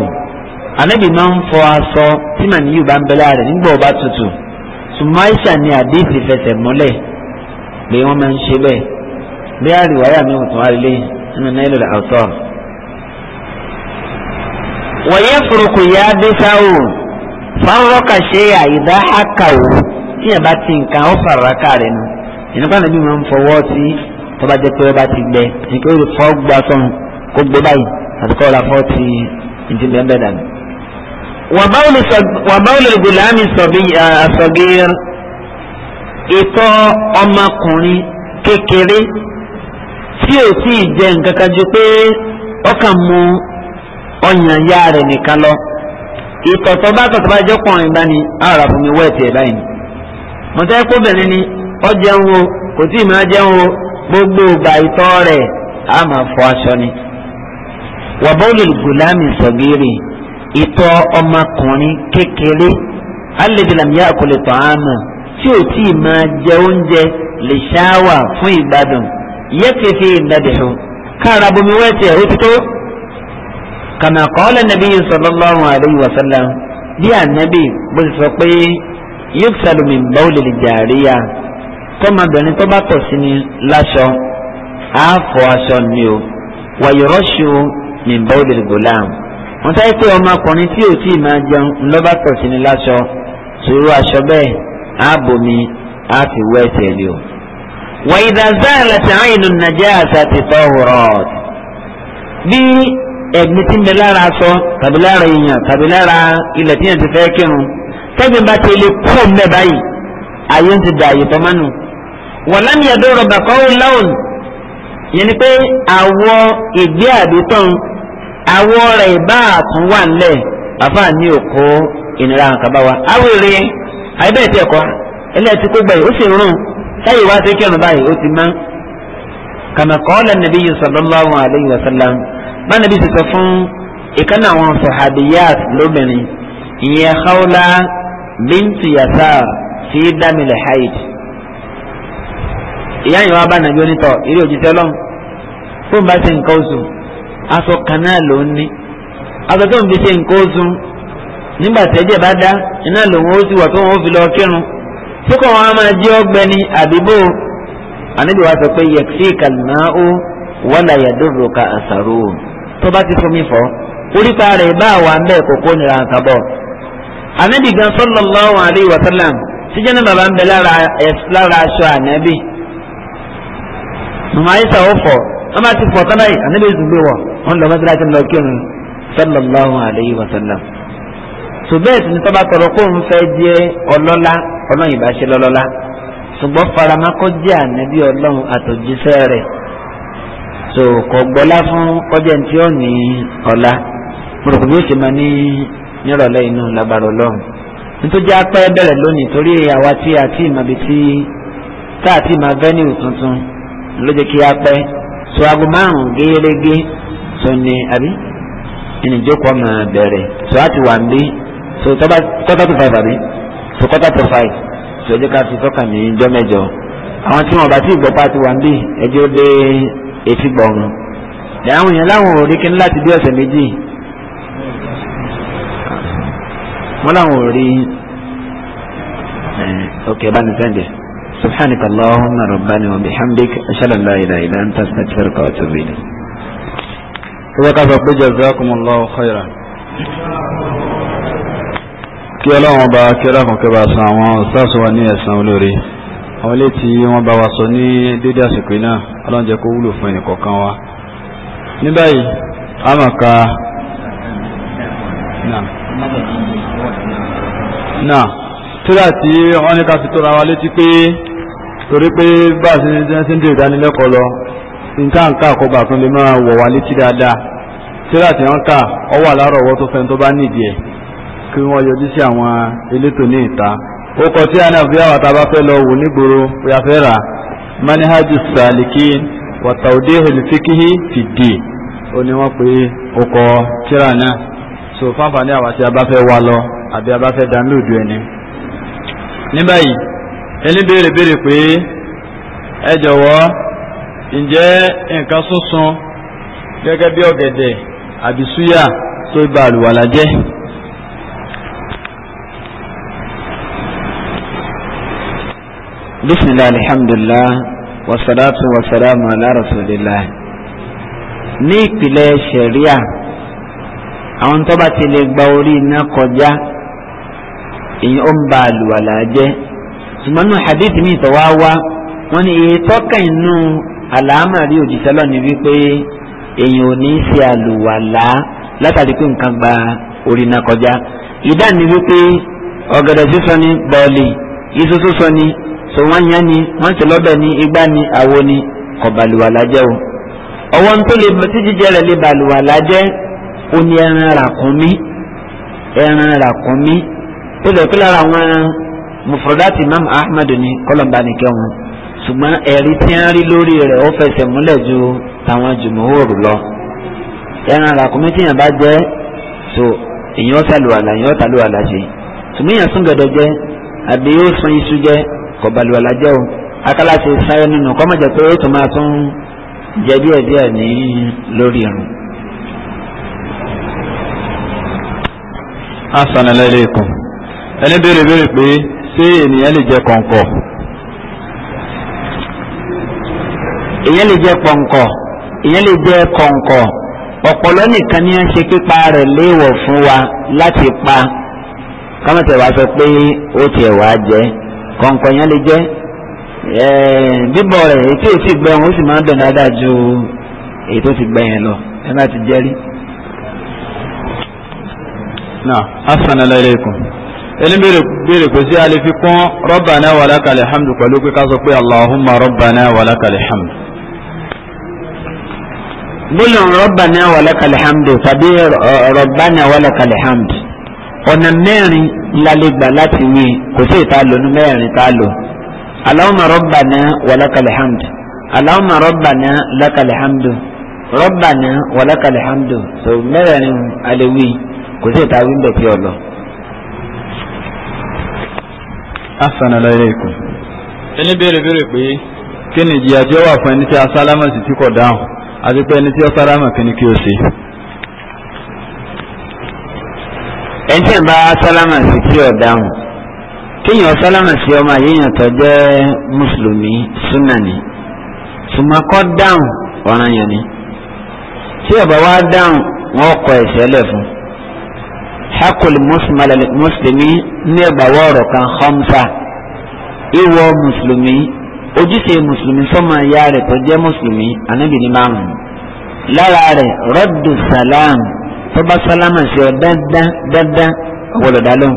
ànábì máa ń fọ aṣọ tí màníyù bá ń bẹ sumaisha ni àdìsí fẹsẹ̀ múlẹ̀ pé wọ́n máa ń ṣe bẹ́ẹ̀ bí àríwáyà mi ò tún wá lé nínú náírà làwùtọ́. wọ̀nyẹ́ furuukù yá dé sáwò fáwọ́kà ṣe àyídá àkàwò tí yẹn bá ti nǹkan ó fara káàrẹ̀ nù ìnáwó àná bí wọ́n fọwọ́ sí tọ́ba jẹ́ pé ó bá ti gbẹ nǹkan ó lè fọ́ gbà sọ́run kó gbé báyìí àti kọ́ ọ̀la fọ́ ti ìdí bẹ́ẹ̀ bẹ́ẹ̀ dànù wàbáwòlè gùlámì sọ̀gìr ìtọ̀ ọmọkùnrin kékeré tí ò tí ì jẹ nǹkan kan ju pé ọkàn mu ọyàn ya rẹ̀ nìkan lọ ìtọ̀tọ̀ bá tọ̀tọ̀ bá jẹ́ kùnrin bá ní ara fún mi wẹ́ẹ̀tì ẹ̀ báyìí mọ̀tẹ́ kóbìnrin ni ọ jẹun o kò tí ì máa jẹun o gbogbo ìgbà ìtọ̀ rẹ̀ a máa fọ aṣọ ni wàbáwòlè gùlámì sọ̀gìrì ìtọ̀ ọmọkùnrin kékeré alladhi lam ya'kul ta'ama tí ò tí ì máa jẹ oúnjẹ lè ṣáwà fún ìgbádùn yakfi ìdádìhù káàrà bomi wẹ́ẹ̀tì ó ti tó. kama qala nabiyyu sallallahu alayhi wa sallam bí ànábì bó ti sọ pé yuksalu min bawlil jariya tọmọbìnrin tó bá tọ̀ sí ni láṣọ àáfọ̀ aṣọ ni o wa yurashu min bawlil gulam wọ́n sáré pé ọmọkùnrin tí ò tí ì máa jẹun ńlọ́bà pẹ̀sì ni láṣọ sòrò aṣọ bẹ́ẹ̀ ààbòmí á fi wọ́ ẹsẹ̀ lé o. wà ìdàzá àlàtì àìnù nàjẹ́ àṣà ti tọ́ ọ̀rọ̀ bí ẹ̀gbin tí ń bẹ lára aṣọ tàbí lára èèyàn tàbí lára ilẹ̀ tí yẹn ti fẹ́ kírun tẹ́gbin bá ti lè kú mẹ́ báyìí ayé ń ti dà àyè tọ́ mánu. wà lámìyàdó rọ̀bà kọ́ láwùn yẹn ni pé àwọ̀ ìgbé àdótọ́n àwọ̀ rẹ̀ bá àtún wà ńlẹ̀ bàbá ní òkú ìnira nǹkan bá wa. awèrè àìbẹ́ẹ̀ tí ẹ̀kọ́ ẹlẹ́ẹ̀tì kó gbẹ̀yìn ó sì rún sáyé wá sí kírun báyìí ó ti mọ́. kama qala nabiyyu sallallahu alayhi wa sallam bá nàbí ti sọ fún ìkànnì àwọn sahabiyat lóbìnrin ìyẹn Khawla bintu Yasar fi damil haid. ìyá yìí wá bá nàbí onítọ̀ eré òjì tẹ́lọ̀ fún bá ṣe nǹkan oṣù aṣọ kan náà ló ń ní aṣọ tó ń fi ṣe nǹkan oṣù nígbà tẹ́jẹ̀ bá dá iná lòun ó sì wà tó wọn ó fi lọ kírun tí kò wọn á máa jẹ́ ọgbẹni àbíbò àníbi wàá sọ pé yẹ̀kí kàlùmá ó wọ́lá yàdúró ka àṣàrò tó bá ti fomi fọ́ orípa rẹ̀ bá wà ń kókó nira nǹkan bọ̀ àníbi gan sallallahu alaihi wa sallam tíjẹ́ ní bàbá ń bẹ lára aṣọ ànábì màmá ayé sàwọ́ wọ́n bá ti fọ̀ tán báyìí ànábì èsì gbé wọ̀ wọ́n lọ mọ́sálásí lọ kírun sallallahu alayhi wa sallam. tó bẹ́ẹ̀ tí nítorí àtọ̀rọ̀ kó ń fẹ́ jẹ́ ọlọ́lá ọlọ́yìn bá ṣe lọ́lọ́lá ṣùgbọ́n faramakọ́ jẹ́ ànábì ọlọ́run àtòjíṣẹ́ rẹ̀ so kò gbọ́lá fún ọjà tí ó ní ọ̀la mọ̀rọ̀kùn bí ó ṣe máa ní nírọ̀lẹ́ inú labarò lọ́hùn nítorí apẹ́ bẹ̀rẹ̀ lónìí torí àwa tí àti ìmọ̀bi tí tá àti ìmọ̀ venue tuntun ló jẹ́ kí apẹ́ so aago márùn gẹ́gẹ́rẹ́gẹ́ so ni àbí ìnìjókòó máa bẹ̀rẹ̀ so láti wà ń bí so tọ́ba quarter to five àbí so quarter to five so ẹjọ́ ká fi tọ́ka ní ijọ́ mẹ́jọ àwọn tí wọn bá ti gbọ́ pàtó wà ń bí ẹjọ́ dé etí gbọ̀ngàn làwọn èèyàn láwọn ò rí kíní láti bí ọ̀sẹ̀ méjì wọn làwọn ò rí ok bá mi sẹ́ndẹ̀ẹ́. سبحانك اللهم ربنا وبحمدك أشهد أن لا إله إلا أنت أستغفرك وأتوب إليك وقف جزاكم الله خيرا kí ọlọ́run ọba kíráàkùn kẹba san àwọn ọ̀sáàsù wa ní ẹ̀san olóore àwọn ilé tí wọ́n bá wa sọ ní dédé àsìkò náà ọlọ́run jẹ́ kó wúlò fún ẹnìkọ̀ọ̀kan wa ní báyìí a máa ka náà. tíra tí wọ́n ní ká fi tóra wa létí pé torí pé bá a ṣe ń ṣe ń dè ìdánilẹ́kọ̀ọ́ lọ nǹkan nǹkan àkọ́bà tó lè máa wọ̀ wá létí dáadáa tíra tí kà ọ wà lárọ̀ọ́wọ́ tó tó bá nìdí ẹ̀ kí wọ́n yọjú sí àwọn elétò ní ìta ó kọ lọ wò nígboro fẹ́ rà manihaju wata fìdí ó ní pé so fáfà ní wa lọ àbí abáfẹ́ ní báyìí ẹni béèrè béèrè pé ẹ jọ̀wọ́ ǹjẹ́ nǹkan sísun gẹ́gẹ́ bí ọ̀gẹ̀dẹ̀ àbí súyà tó bà àlùwàlà jẹ́. bisimilahi alhamdulilah wasalaatu wasalaamu ala rasulillah ní ìpìlẹ̀ sẹ̀ríà àwọn tó ti lè gba orí iná kọjá èyàn ó ń ba àlùwàlà jẹ́ ṣùgbọ́n nù hadith mi tó wá wá wọ́n ní èyí tọ́ka inú àlàámàrí òjíṣẹ́ lọ́ni wípé èyàn ò ní í ṣe àlùwàlà látàrí pé nǹkan gba orí náà kọjá ìdáni wípé ọ̀gẹ̀dẹ̀ sísọ ni bọ́ọ̀lì iṣu sísọ ni sọ wọ́n yẹn ni wọ́n ti lọ́bẹ̀ ni igbá ni àwo ni kò bàlùwàlà jẹ́ o ọwọ́ ń tó lè tí jíjẹ rẹ̀ lè bàlùwàlà jẹ́ ó ní ẹran ràkúnmí ẹran ràkúnmí ilé ọ̀kẹ́ lára àwọn mufrodati imam ahmed ní kọlọ̀mbánikẹ́ wọn ṣùgbọ́n ẹ̀rí tí ń rí lórí rẹ̀ ó fẹsẹ̀ múlẹ̀ ju tàwọn jùmọ̀wòrò lọ ẹran làkúnmí tí yàn bá jẹ́ so èyàn sàlùwàlà èyàn tàlùwàlà ṣe ṣùgbọ́n yàn sún gẹ̀dẹ̀ jẹ́ àbí yóò sún iṣu jẹ́ kò balùwàlà jẹ́ o akálà ti sáyẹ nínú kọ́mọ̀jẹ̀ pé ó tún máa tún jẹ díẹ̀ díẹ̀ ní lórí irun. Assalamu alaikum ẹni béèrè béèrè pé ṣé ènìyàn lè jẹ kọ̀ǹkọ̀ èyàn lè jẹ kọ̀ǹkọ̀ èyàn lè jẹ kọ̀ǹkọ̀ ọ̀pọ̀lọ́ nìkan ní à pípa rẹ̀ léèwọ̀ fún wa láti pa kámẹ́tẹ̀ wá sọ pé ó tiẹ̀ wá jẹ kọ̀ǹkọ̀ yẹn lè jẹ bíbọ̀ rẹ̀ ètí ètí gbẹ̀hún ó sì máa ń dùn dáadáa ju èyí tó ti lọ ẹ bá ti jẹ́rí. náà assalamu alaikum ẹni béèrè kò sí alẹ́ fi kún rabbana wa lakal hamdu pẹ̀lú pé ká sọ pé allahumma rabbana wa lakal hamdu. gbólóhùn rabbana wa lakal hamdu tàbí eh, rabbana wa lakal hamdu ọ̀nà mẹ́rin lálẹ́gbà láti wí kò sí ìta lò ní mẹ́rin ta lò allahumma rabbana wa lakal hamdu allahumma rabbana lakal hamdu rabbana wa lakal hamdu so mẹ́rin alẹ́ wí kò sí ìta wí asana lọ́yẹ̀rẹ́ ìkọ́. ẹni béèrè béèrè pé kí ni ìjìyà tí ó wà fún ẹni tí a sálámà sí tí kò dáhùn àti pé ẹni tí ó sálámà kí ni kí o ṣe. ẹni tí ń bá sálámà sí tí ò dáhùn kéèyàn sálámà sí ọmọ àyèyàn tó jẹ́ mùsùlùmí súnàní sùmọ́kọ́ dáhùn ọ̀ràn yẹn ni tí ọ̀bá wa dáhùn wọn kọ ẹ̀ṣẹ̀ lẹ̀ fún un hakul mùsùlùmí ní ẹgbàwọ́ ọ̀rọ̀ kan khamsa ìwọ mùsùlùmí ojúṣe mùsùlùmí sọ́mọ ìyá rẹ̀ tó jẹ́ mùsùlùmí ànábì ní márùn lára rẹ̀ rọ́dù sàlám tó bá sálámà sí ọ dandan dandan ọ̀wọ́lọ̀ dá lóhùn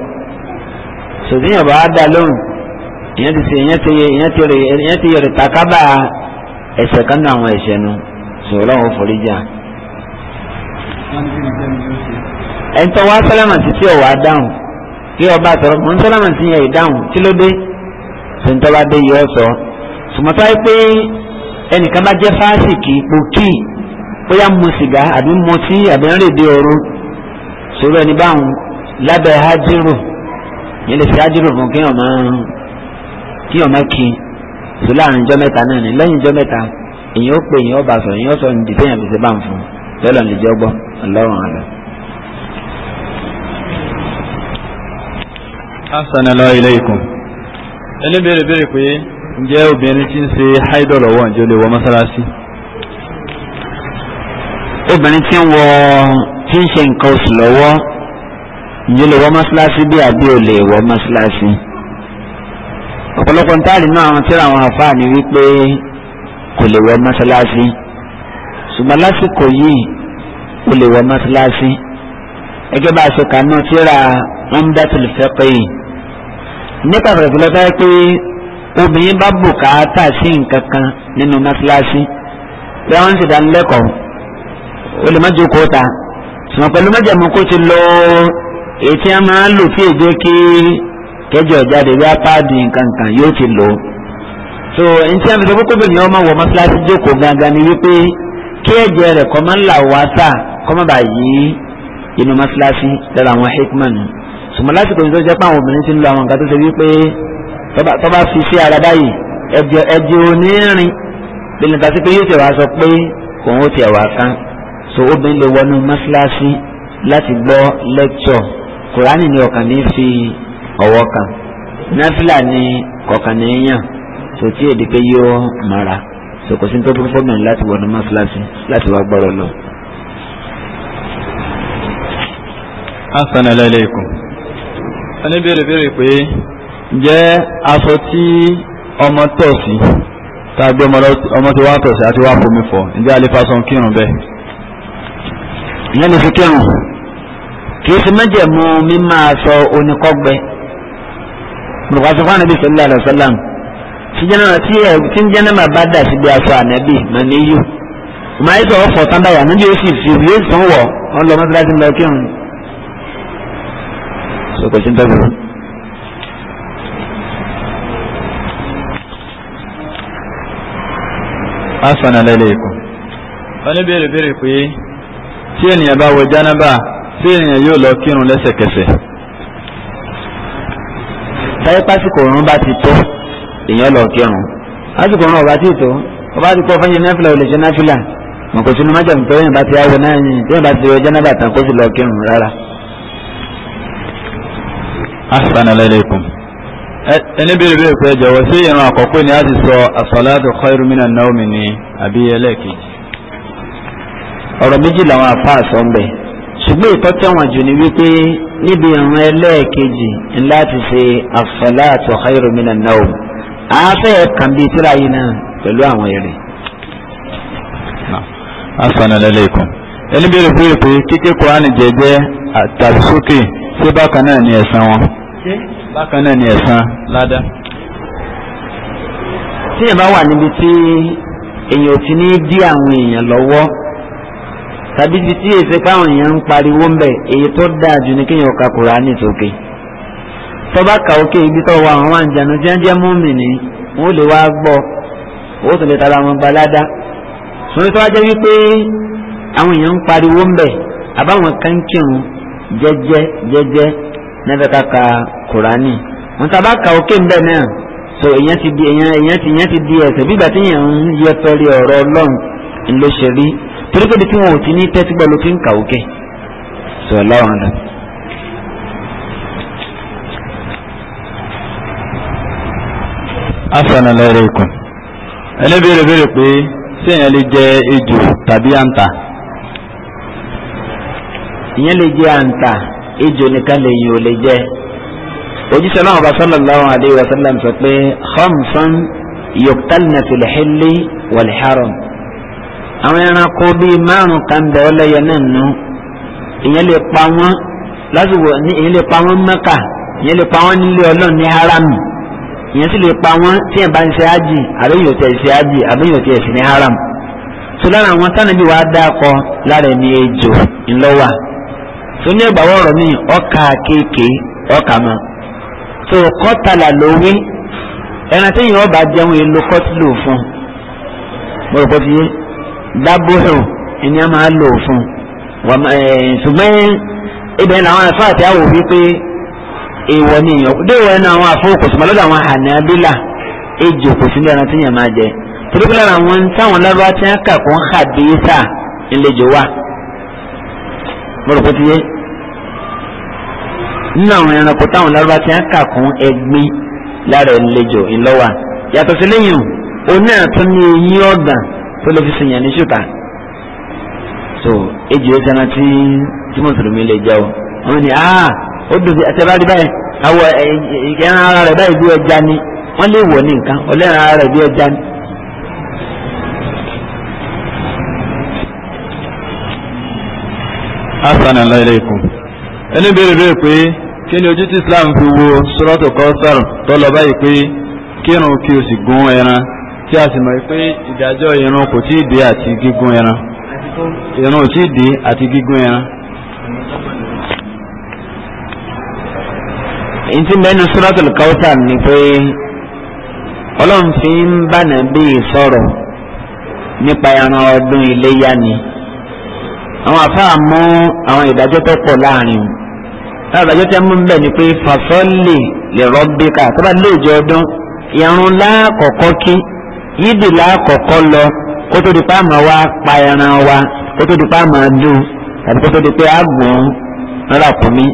sòdí yàn bá á dá lóhùn ìyẹn ti ṣe ìyẹn ti yẹ ìyẹn ti yẹ rẹ̀ takaba ẹ̀ṣẹ̀ kan náà àwọn ẹ̀ṣẹ̀ nu sòwòlọ́wọ́ forí jà. wọ́n ti rí jẹ́ mi ló ṣe ẹ̀ńtọ́ wá sálámà sí tí ọ̀wá dáhùn kí ọba àtọ̀rọ̀ mọ̀ ń sálámà sí yẹn ìdáhùn tí ló dé ṣe ń tọ́ba dé yọ sọ. sùmọ́tà yìí pé ẹnìkan bá jẹ́ fásìkì pòkì bóyá mu sìgá àbí mu tí àbí ń rèdè ooru sọ̀rọ̀ ẹni báwọn lábẹ́ hájírò yẹn lè fi hájírò fún kí ọmọ kí ọmọ kí sọ láàrin ijọ́ mẹ́ta náà ni lẹ́yìn ijọ́ mẹ́ta èyàn ó pè èyàn ó bá sọ̀rọ̀ èyàn ó sọ ní dìtẹ́yìn àbí ṣe bá ń fún un lọ́lọ́ ní ìjọ́gbọ́ ọlọ́run àlọ́. Assalamu alaykum ẹni béèrè béèrè pé ǹjẹ́ obìnrin tí ń ṣe haidọ̀ lọ́wọ́ ǹjẹ́ ó lè wọ mọ́sálásí. obìnrin tí ń wọ tí ń ṣe nǹkan oṣù lọ́wọ́ ǹjẹ́ lè wọ mọ́sálásí bí àbí ò lè wọ mọ́sálásí. ọ̀pọ̀lọpọ̀ ń táàrí náà àwọn tíra àwọn àfáàní wípé kò lè wọ mọ́sálásí ṣùgbọ́n lásìkò yìí ó lè wọ mọ́sálásí ẹgẹ́ bá a ṣe kà náà tíra umdatul fiqh nípa pẹ̀lú lọ́tọ́ yẹ pé obìnrin bá bùkátà sí nǹkan kan nínú mọ́ṣáláṣí bí wọ́n ń ṣèdánilẹ́kọ̀ọ́ ó lè má jókòó ta ṣùgbọ́n pẹ̀lú mẹ́jẹ̀mú kó ti lọ ètí a máa ń lò kí èdè kí kẹjọ jáde bí apáàdì nǹkan kan yóò ti lò so ntí àmì sọ́kókó bẹ̀rẹ̀ ọmọ wọ mọ́sálásí jókòó gangan ni wípé kí ẹ̀jẹ̀ rẹ̀ kọ́ máa ń là wá sá kọ́ máa bá yí inú mọ́sálásí lára àwọn hikman sùmọ́ lásìkò yìí tó jẹ́ pé àwọn obìnrin ti ń lo àwọn nǹkan tó ṣe wípé tó bá fi sí ara báyìí ẹ̀jẹ̀ onírin bí nǹkan sí pé yóò tẹ̀ sọ pé òun ó tẹ̀ wá kan so obìnrin lè wọnú mọ́ṣáláṣí láti gbọ́ lẹ́kṣọ̀ kùránì ni ọ̀kan ní fi ọ̀wọ́ kan náfìlà ni kọ̀ọ̀kan ní yàn so tí èdè pé yóò mara so kò sí ní tó burú fọ́ọ̀mù láti wọnú mọ́ṣáláṣí láti wá gbọ́rọ̀ lọ. assalamu oníbèrè béèrè pé ǹjẹ́ aṣọ tí ọmọ tọ̀ sí tàbí ọmọ tí wá tọ̀ sí àti wá fomi fọ̀ ǹjẹ́ alifasan kírun bẹ́ẹ̀. ìyẹn ní fi kírun kìí fi mẹ́jẹ̀mú mímá aṣọ oníkọ́gbẹ. mùrùkọ́ aṣọ fún ànábì sọ́lá àlọ́sọ́lá tí ń jẹ́nà bá dà sí bí aṣọ ànábì màníyù. màá yẹ sọ ọ̀fọ̀ tán báyà níbi yóò sì fi yóò sàn wọ̀ ọ́ lọ mọ́tíláṣí lọ kírun so kò sí ní tọ́jú. asana lẹ́lẹ̀ ikùn. wọ́n ní béèrè béèrè pé tí ènìyàn bá wọ jánábà tí ènìyàn yóò lọ kírun lẹ́sẹ̀kẹsẹ̀. táyé pásíkò òrùn bá ti tó èèyàn lọ kírun pásíkò òrùn ọba ti tó ọba ti kọ́ fẹ́yìn náfìlà ò lè ṣe náfìlà mọ̀kòtì ní májàmú pé èèyàn bá ti awọ náà yìí tí èèyàn ti wọ jánábà tán kó sì lọ kírun rárá ahsan alaykum ẹni bèrè bèrè pé jọ̀wọ́ sí ìran àkọ́kọ́ ni a ti sọ as-salatu khairu minan nawmi ni àbí ẹlẹ́ẹ̀kejì ọ̀rọ̀ méjì làwọn àfáà sọ ń bẹ̀ ṣùgbọ́n ìtọ́tẹ̀ wọn jù ní wípé níbi ìran ẹlẹ́ẹ̀kejì ńlá ti ṣe as-salatu khairu minan nawm àáfẹ́ kan bíi tíra yìí náà pẹ̀lú àwọn èrè. assalamu alaykum ẹni bí rèpérèpé kíké kuraani jẹjẹ àtàlùsókè ṣé bákan náà ni ẹ̀san wọn bákan náà ni ẹ̀san ládá. tí èèyàn bá wà níbi tí èèyàn ò ti ní dí àwọn èèyàn lọ́wọ́ tàbí ti tí èsì páwọn èèyàn ń pariwo ń bẹ̀ èyí tó dáa jù ni kéèyàn ka Kùránì sókè tọ́ba kà ókè ibi tó wà àwọn àǹjànú tí wọ́n jẹ́ mùmínì wọ́n lè wá gbọ́ ó sì lè tara wọn gba ládá sórí tó wá jẹ́ wípé àwọn èèyàn ń pariwo ń bẹ̀ àbáwọn kan kírun jẹ́jẹ́ jẹ́jẹ́ nẹ́fẹ̀ẹ́ kàkà Kurani, wọn tá a bá ka òkè ńbẹ náà so èyàn ti di èyàn èyàn ti èyàn ti di ẹsẹ bígbà tí èyàn ń yẹ pẹ̀lú ọ̀rọ̀ Ọlọ́run ló ṣe rí torí pé tí wọn ò ti ní tẹ́tí gbọ́ ló fi ń kà òkè so Ọlọ́run rẹ. asanalẹ́rẹ́ ikùn ẹni béèrè béèrè pé ṣé èyàn lè jẹ ejò tàbí àǹtà. ìyẹn lè jẹ àǹtà ejò nìkan lè yìn ò lè jẹ ojúṣe náà bá sallallahu alayhi wa sallam sọ pé khamsan yuqtalna fil hilli wal haram àwọn ẹranko bíi márùn kan bẹ ọlẹyẹ náà nù ìyẹn lè pa wọn lásìkò ìyẹn lè pa wọn Mẹ́kà ìyẹn lè pa wọn nílé Ọlọ́run ní haramu ìyẹn sì lè pa wọn tí ẹ̀ bá ń ṣe ájì àbẹ́yìn òtí ẹ̀ ṣe ájì àbẹ́yìn òtí ẹ̀ ṣe ní haram tó lára àwọn tánàbí wàá dáàkọ lára ẹni ejò ńlọ́wà tó ní ẹgbàá wọ̀rọ̀ mi ọkà kéèké ọkà mọ́ tó kọ́tàlà ló wí ẹran tí yìnyín ọba jẹun èlò kọ́tìlò fún mo rò pé ti yé dábòhò ẹni a máa lò fún ṣùgbọ́n ibẹ̀ làwọn afọ àti àwò wípé èèwọ̀ ni èèyàn dé ìwọ ẹnu àwọn afọ kò sùnmọ́ lọ́dọ̀ àwọn hànàbílà ejò kò sí ní tí yìnyín máa jẹ torí pé àwọn táwọn lọ́dọ̀ àti ẹ̀ka kò ń hà bí sà ńlẹ̀jọ wa mo rò pé ti yé nínú àwọn ẹranko táwọn lárúbá ti ń kà kún ẹgbin lára ẹlẹjọ ìlọwà yàtọ̀ sí lẹ́yìn oní àtún ní eyín ọ̀gbà tó lè fi sèyàn ní ṣùkà so ejì ó sẹ́nà tí tí mùsùlùmí lè jẹ́ o wọ́n ní ah ó dùn sí ẹsẹ̀ bá rí báyìí awọ ẹran ara rẹ̀ báyìí bí ẹja ni wọ́n lè wọ̀ ní nǹkan ọlẹ́ran ara rẹ̀ bí ẹja ni. asanalaikum ẹni bèrè bèrè pé kí ni ojú tí islam fi wo sọ́lọ́tò kọ́sàr tó lọ báyìí pé kírun kí o sì gún ẹran tí a sì mọ̀ pé ìdájọ́ irun kò tí ì dé àti gígún ẹran irun ò tí ì dé àti gígún ẹran. ìtì mẹ́nu sọ́lọ́tò kọ́sàr ni pé ọlọ́run fi ń bànà bí ìsọ̀rọ̀ nípa ẹran ọdún iléyá ni àwọn àfáà mú àwọn ìdájọ́ tó pọ̀ láàrin o lábàjọ́ tẹ́ mú bẹ́ẹ̀ ni pé fàṣọ́lì lè rọ́bíkà tó bá lóòjọ́ ọdún ìrun láàkọ́kọ́ kí yídì láàkọ́kọ́ lọ kó tó di pa àmà wa pa ẹran wa kó tó di pa àmà dùn tàbí kó tó di pé àgbọ̀n lọ́la kù mí.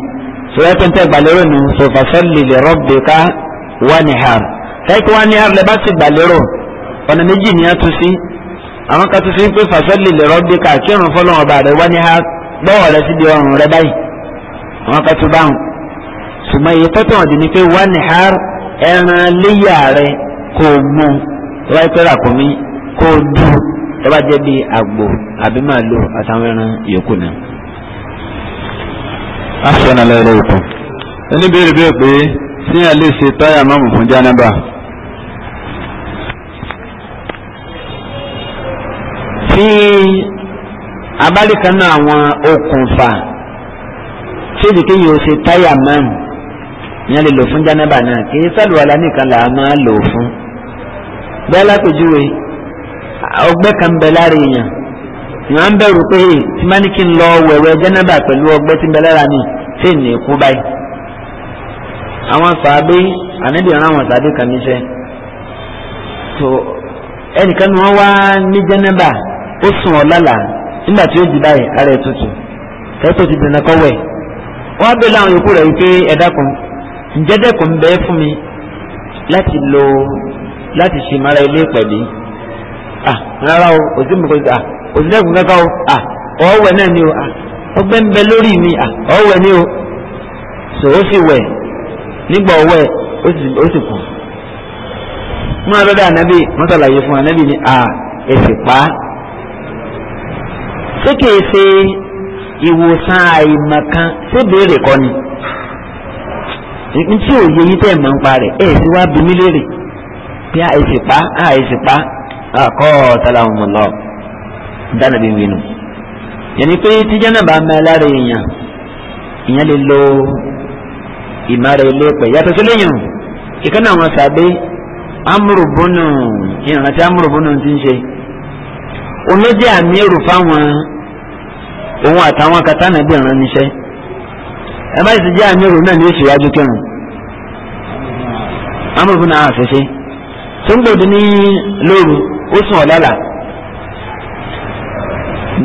sọ̀rọ̀ tó ń tẹ́ gbàlérò nù sọ fàṣọ́lì lè rọ́bíkà wà ní har fẹ́ẹ́kì wà ní har lè bá ti gbàlérò ọ̀nà méjì ni a tún sí àwọn kan tún sí pé fàṣọ́lì lè rọ́bíkà kírun fọlọ́run àwọn kan tó bá wọn ṣùgbọ́n èyí tọ́tọ̀ ọ̀dì ni pé wọ́n ní har ẹran léyà rẹ kò mú ẹ wáyé pẹ́rẹ́ àkómi kò dùn ẹ bá jẹ́ bíi àgbò àbí màálù àtàwọn ẹran yòókù náà. aṣọ nàlẹ́ rẹ̀ òkun ẹni béèrè bẹ́ẹ̀ pé síyàn lè ṣe táyà mọ́mù fún jánábà. tí abálẹ̀ náà àwọn okùnfà tí ó sì kéyìn o ṣe táyà máàmù ìyẹn lè lò fún jánábà náà kì í sàlùwàlá nìkan là á máa lò fún. bẹ́ẹ̀ lápèjúwe ọgbẹ́ kan bẹ lára èèyàn ìwọ̀n ń bẹ̀rù pé tí má ní kí n lọ wẹ̀wẹ̀ jánábà pẹ̀lú ọgbẹ́ tí ń bẹ lára mi tí ì ní kú báyìí. àwọn sàábé ànábì ọ̀ràn àwọn sàábé kan níṣẹ́ tó ẹnìkan ni wọ́n wá ní jánábà ó sùn ọ̀ lálàá nígbà tí ó di báyìí ara ẹ̀ tutù kẹ́tọ́ ti dènà kọ́wẹ́ wa á bẹ̀rẹ̀ àwọn yòókù rẹ̀ wípé ẹ̀dá kan ǹjẹ́dẹ́ fún mi láti lo láti ṣe mara ilé pẹ̀lú ah rárá o òsì mi kò sí ah òsì lẹ́kùn kankan o ah ọ̀ọ́wẹ̀ o ah ń bẹ lórí mi ah ọ̀ọ́wẹ̀ ni o so ó sì wẹ̀ nígbà ọ̀wẹ̀ ó sì kù mú abẹ́bẹ́ ànábì wọ́n fún ànábì ni ah èsì pa ìwòsàn àìmọ̀kan ṣé béèrè kọ́ ni ntí òye yìí tẹ̀ mọ́ ń parẹ̀ ẹ̀ sì wá bí mí léèrè bí a èsì pa a èsì pa àkọ́ ọ̀tàlàmù lọ dáná bí wínú yẹnni pé tíjà náà bá mẹ́ lára èèyàn ìyẹn lè lo ìmọ̀ràn ilé pẹ̀ yàtọ̀ sí lẹ́yìn ìkànnì àwọn sàbẹ̀ amúrùbọ́nù ìrántí amúrùbọ́nù ti ń ṣe olójẹ́ àmì èrò fáwọn òun àtàwọn katana bí ọ̀ràn níṣẹ́ ẹ bá sì jẹ́ àmì òrùn náà ní oṣù iwájú kírun amúrúfún náà àfẹ́fẹ́ tó ń gbòdì ní lóru ó sùn ọ̀làlà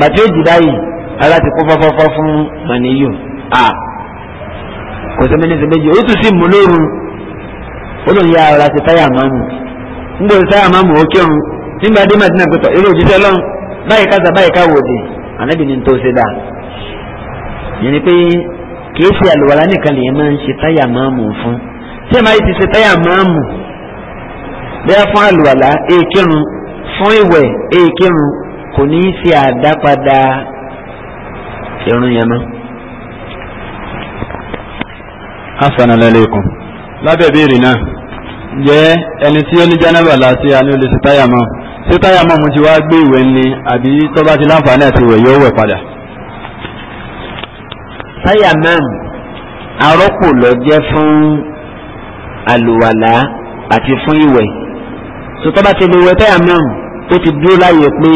bàtí ó jìdá yìí ti kún fún a kò sí mínísì méjì ó tún sì mú lóru ó ya ara ti táyà máàmù ń gbòdì táyà máàmù ó kírun nígbà dé màdínà pẹ̀tọ̀ eré òjíṣẹ́ lọ́run báyìí ká sà báyìí ká anabi ni tó ṣe dà yẹn ni pé kìí ṣe àlùwàlá nìkan lèyẹn máa ń ṣe táyà máàmù fún tí ẹ máa ti ṣe táyà máàmù bẹ́ẹ̀ fún àlùwàlá èkírun fún ìwẹ̀ èkírun kò ní í ṣe àdápadà irun yẹn mọ́. hasan alaykum lábẹ́ ìbéèrè náà jẹ́ ẹni tí ó ní jánábà láti àní olùsítáyà máa ṣé táyà mọ́mú ti wá gbé ìwẹ̀ ni àbí tó bá ti láǹfààní àti ìwẹ̀ yóò wẹ̀ padà. táyà náà arọ́pò lọ jẹ́ fún àlùwàlá àti fún ìwẹ̀ tó tó bá ti lè wẹ̀ táyà náà ó ti dúró láàyè pé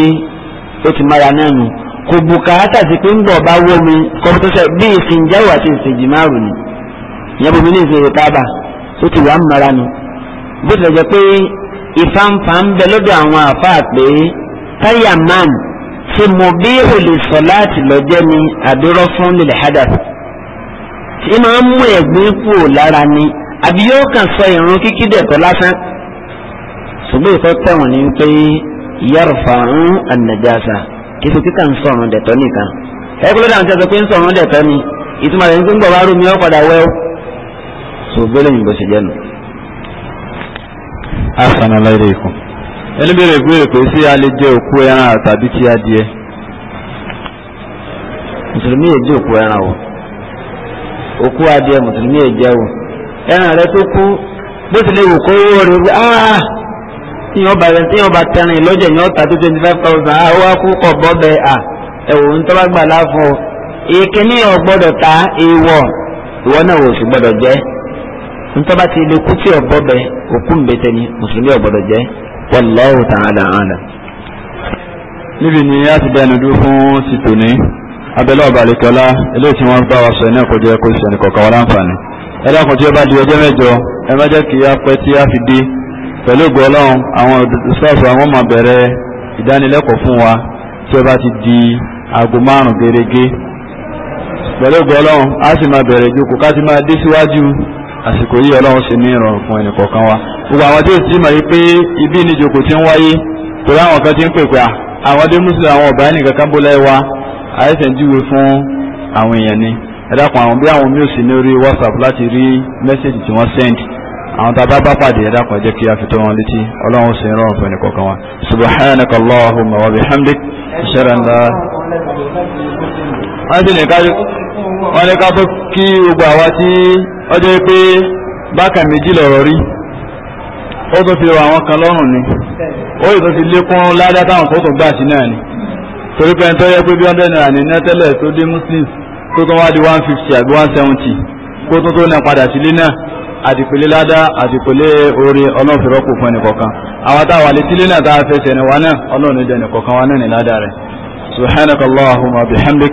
ó ti mara náà nù kò bùkátà sí pé ń bọ̀ bá wọ́ mi kọ́mpútà bí ìsìnjáwò àti ìsìnjì márùn ni ìyẹn bomi ní ìsìnjì tábà ó ti wà ń mara nù bó tilẹ̀ jẹ́ pé ìfàǹfà ń bẹ lọ́dọ̀ àwọn àfáà pé táyà man ti mọ bí olè sọ láti lọ́jẹ́ ni àdúrọ́ fún lílẹ̀ hadath tí máa ń mú ẹ̀gbin kú lára ni àbí yóò kàn sọ ìrun kíkí dẹ̀tọ́ lásán ṣùgbọ́n ìfẹ́ tẹ̀wọ̀n ni pé yàrfà ń ànàjàsà kí sọ kíkà ń sọ̀rọ̀ dẹ̀tọ́ nìkan ẹ̀kọ́ lọ́dọ̀ àwọn tẹ̀sán pé ń sọ̀rọ̀ dẹ̀tọ́ ni ìtumọ̀ rẹ̀ ń gbọ́ wá rú mi ọ̀ padà wẹ́ọ́ ṣùgbọ́n lẹ́yìn bó ṣe jẹ́ nù. asanala ire iku ẹni bèrè ìbéèrè sí jẹ òkú ẹran tàbí adìẹ. mùsùlùmí jẹ òkú ẹran o òkú adìẹ mùsùlùmí yẹn jẹ o ẹran rẹ tó kú bó ti wò kó rẹ ọba tíyan ọba tẹrin lọ́jẹ̀ ní ọ̀tà tó twenty five thousand ah, ah, ìkíní ọ̀gbọ́dọ̀ ta ìwọ náà jẹ́. ntọ́ba ti lè kú tí ọ̀bọ̀dọ̀ òkú mbẹ́tẹ́ ni mùsùlùmí ọ̀bọ̀dọ̀ jẹ́ wallahu ta'ala a'lam. níbi ni a ti dẹnu dúró fún ti tòní abẹ́lẹ́ eléyìí tí wọ́n bá wa sọ iná ìkọjọ ẹ̀kọ́ ìṣẹ̀lẹ̀ kọ̀ọ̀kan wọn láǹfààní. ẹ dákun tí ó bá di ọjọ́ mẹ́jọ ẹ má jẹ́ kí á pẹ́ tí á fi dé pẹ̀lú ògbó ọlọ́run àwọn ìsọ́ọ̀sọ̀ àwọn máa bẹ̀rẹ̀ ìdánilẹ́kọ̀ọ́ fún wa tí ó bá ti di aago márùn-ún gẹ́gẹ́ pẹ̀lú ògbó ọlọ́run á sì máa bẹ̀rẹ̀ ìjókòó ká sì máa dé síwájú àsìkò yìí ọlọ́run ṣe ní ìrọ̀rùn fún ẹnìkọ̀ọ̀kan wa gbogbo àwọn tí ó sì mọ̀ yìí pé ibi ìníjòkó ti ń wáyé torí àwọn kan ti ń pè pé àwọn dé mùsùlùmí àwọn ọ̀bá ẹnìkan kan bó lẹ́ẹ̀ àìsàn fún àwọn èèyàn ni ẹ dákun àwọn bí àwọn sì ní orí whatsapp láti rí mẹ́sẹ̀gì tí wọ́n send àwọn tá a bá bá pàdé ẹ dákun ẹ jẹ́ kí a wọ́n ní ká tó kí gbogbo àwa tí ọjọ́ pé bákan méjì lọ̀rọ̀ rí ó tó fi rọ àwọn kan lọ́rùn ni ó yìí tó fi lékún ládá táwọn tó gbà sí náà ni torí pé ẹnitọ́ yẹ pé bí hundred naira ní tó dé muslims tó wá di one fifty àbí one seventy kó tó náà padà sílé náà àdìpẹ̀lẹ̀ ládá àdìpẹ̀lẹ̀ àwọn táwa lè sílé náà tá a fẹsẹ̀ ẹni wa náà wa náà ní rẹ̀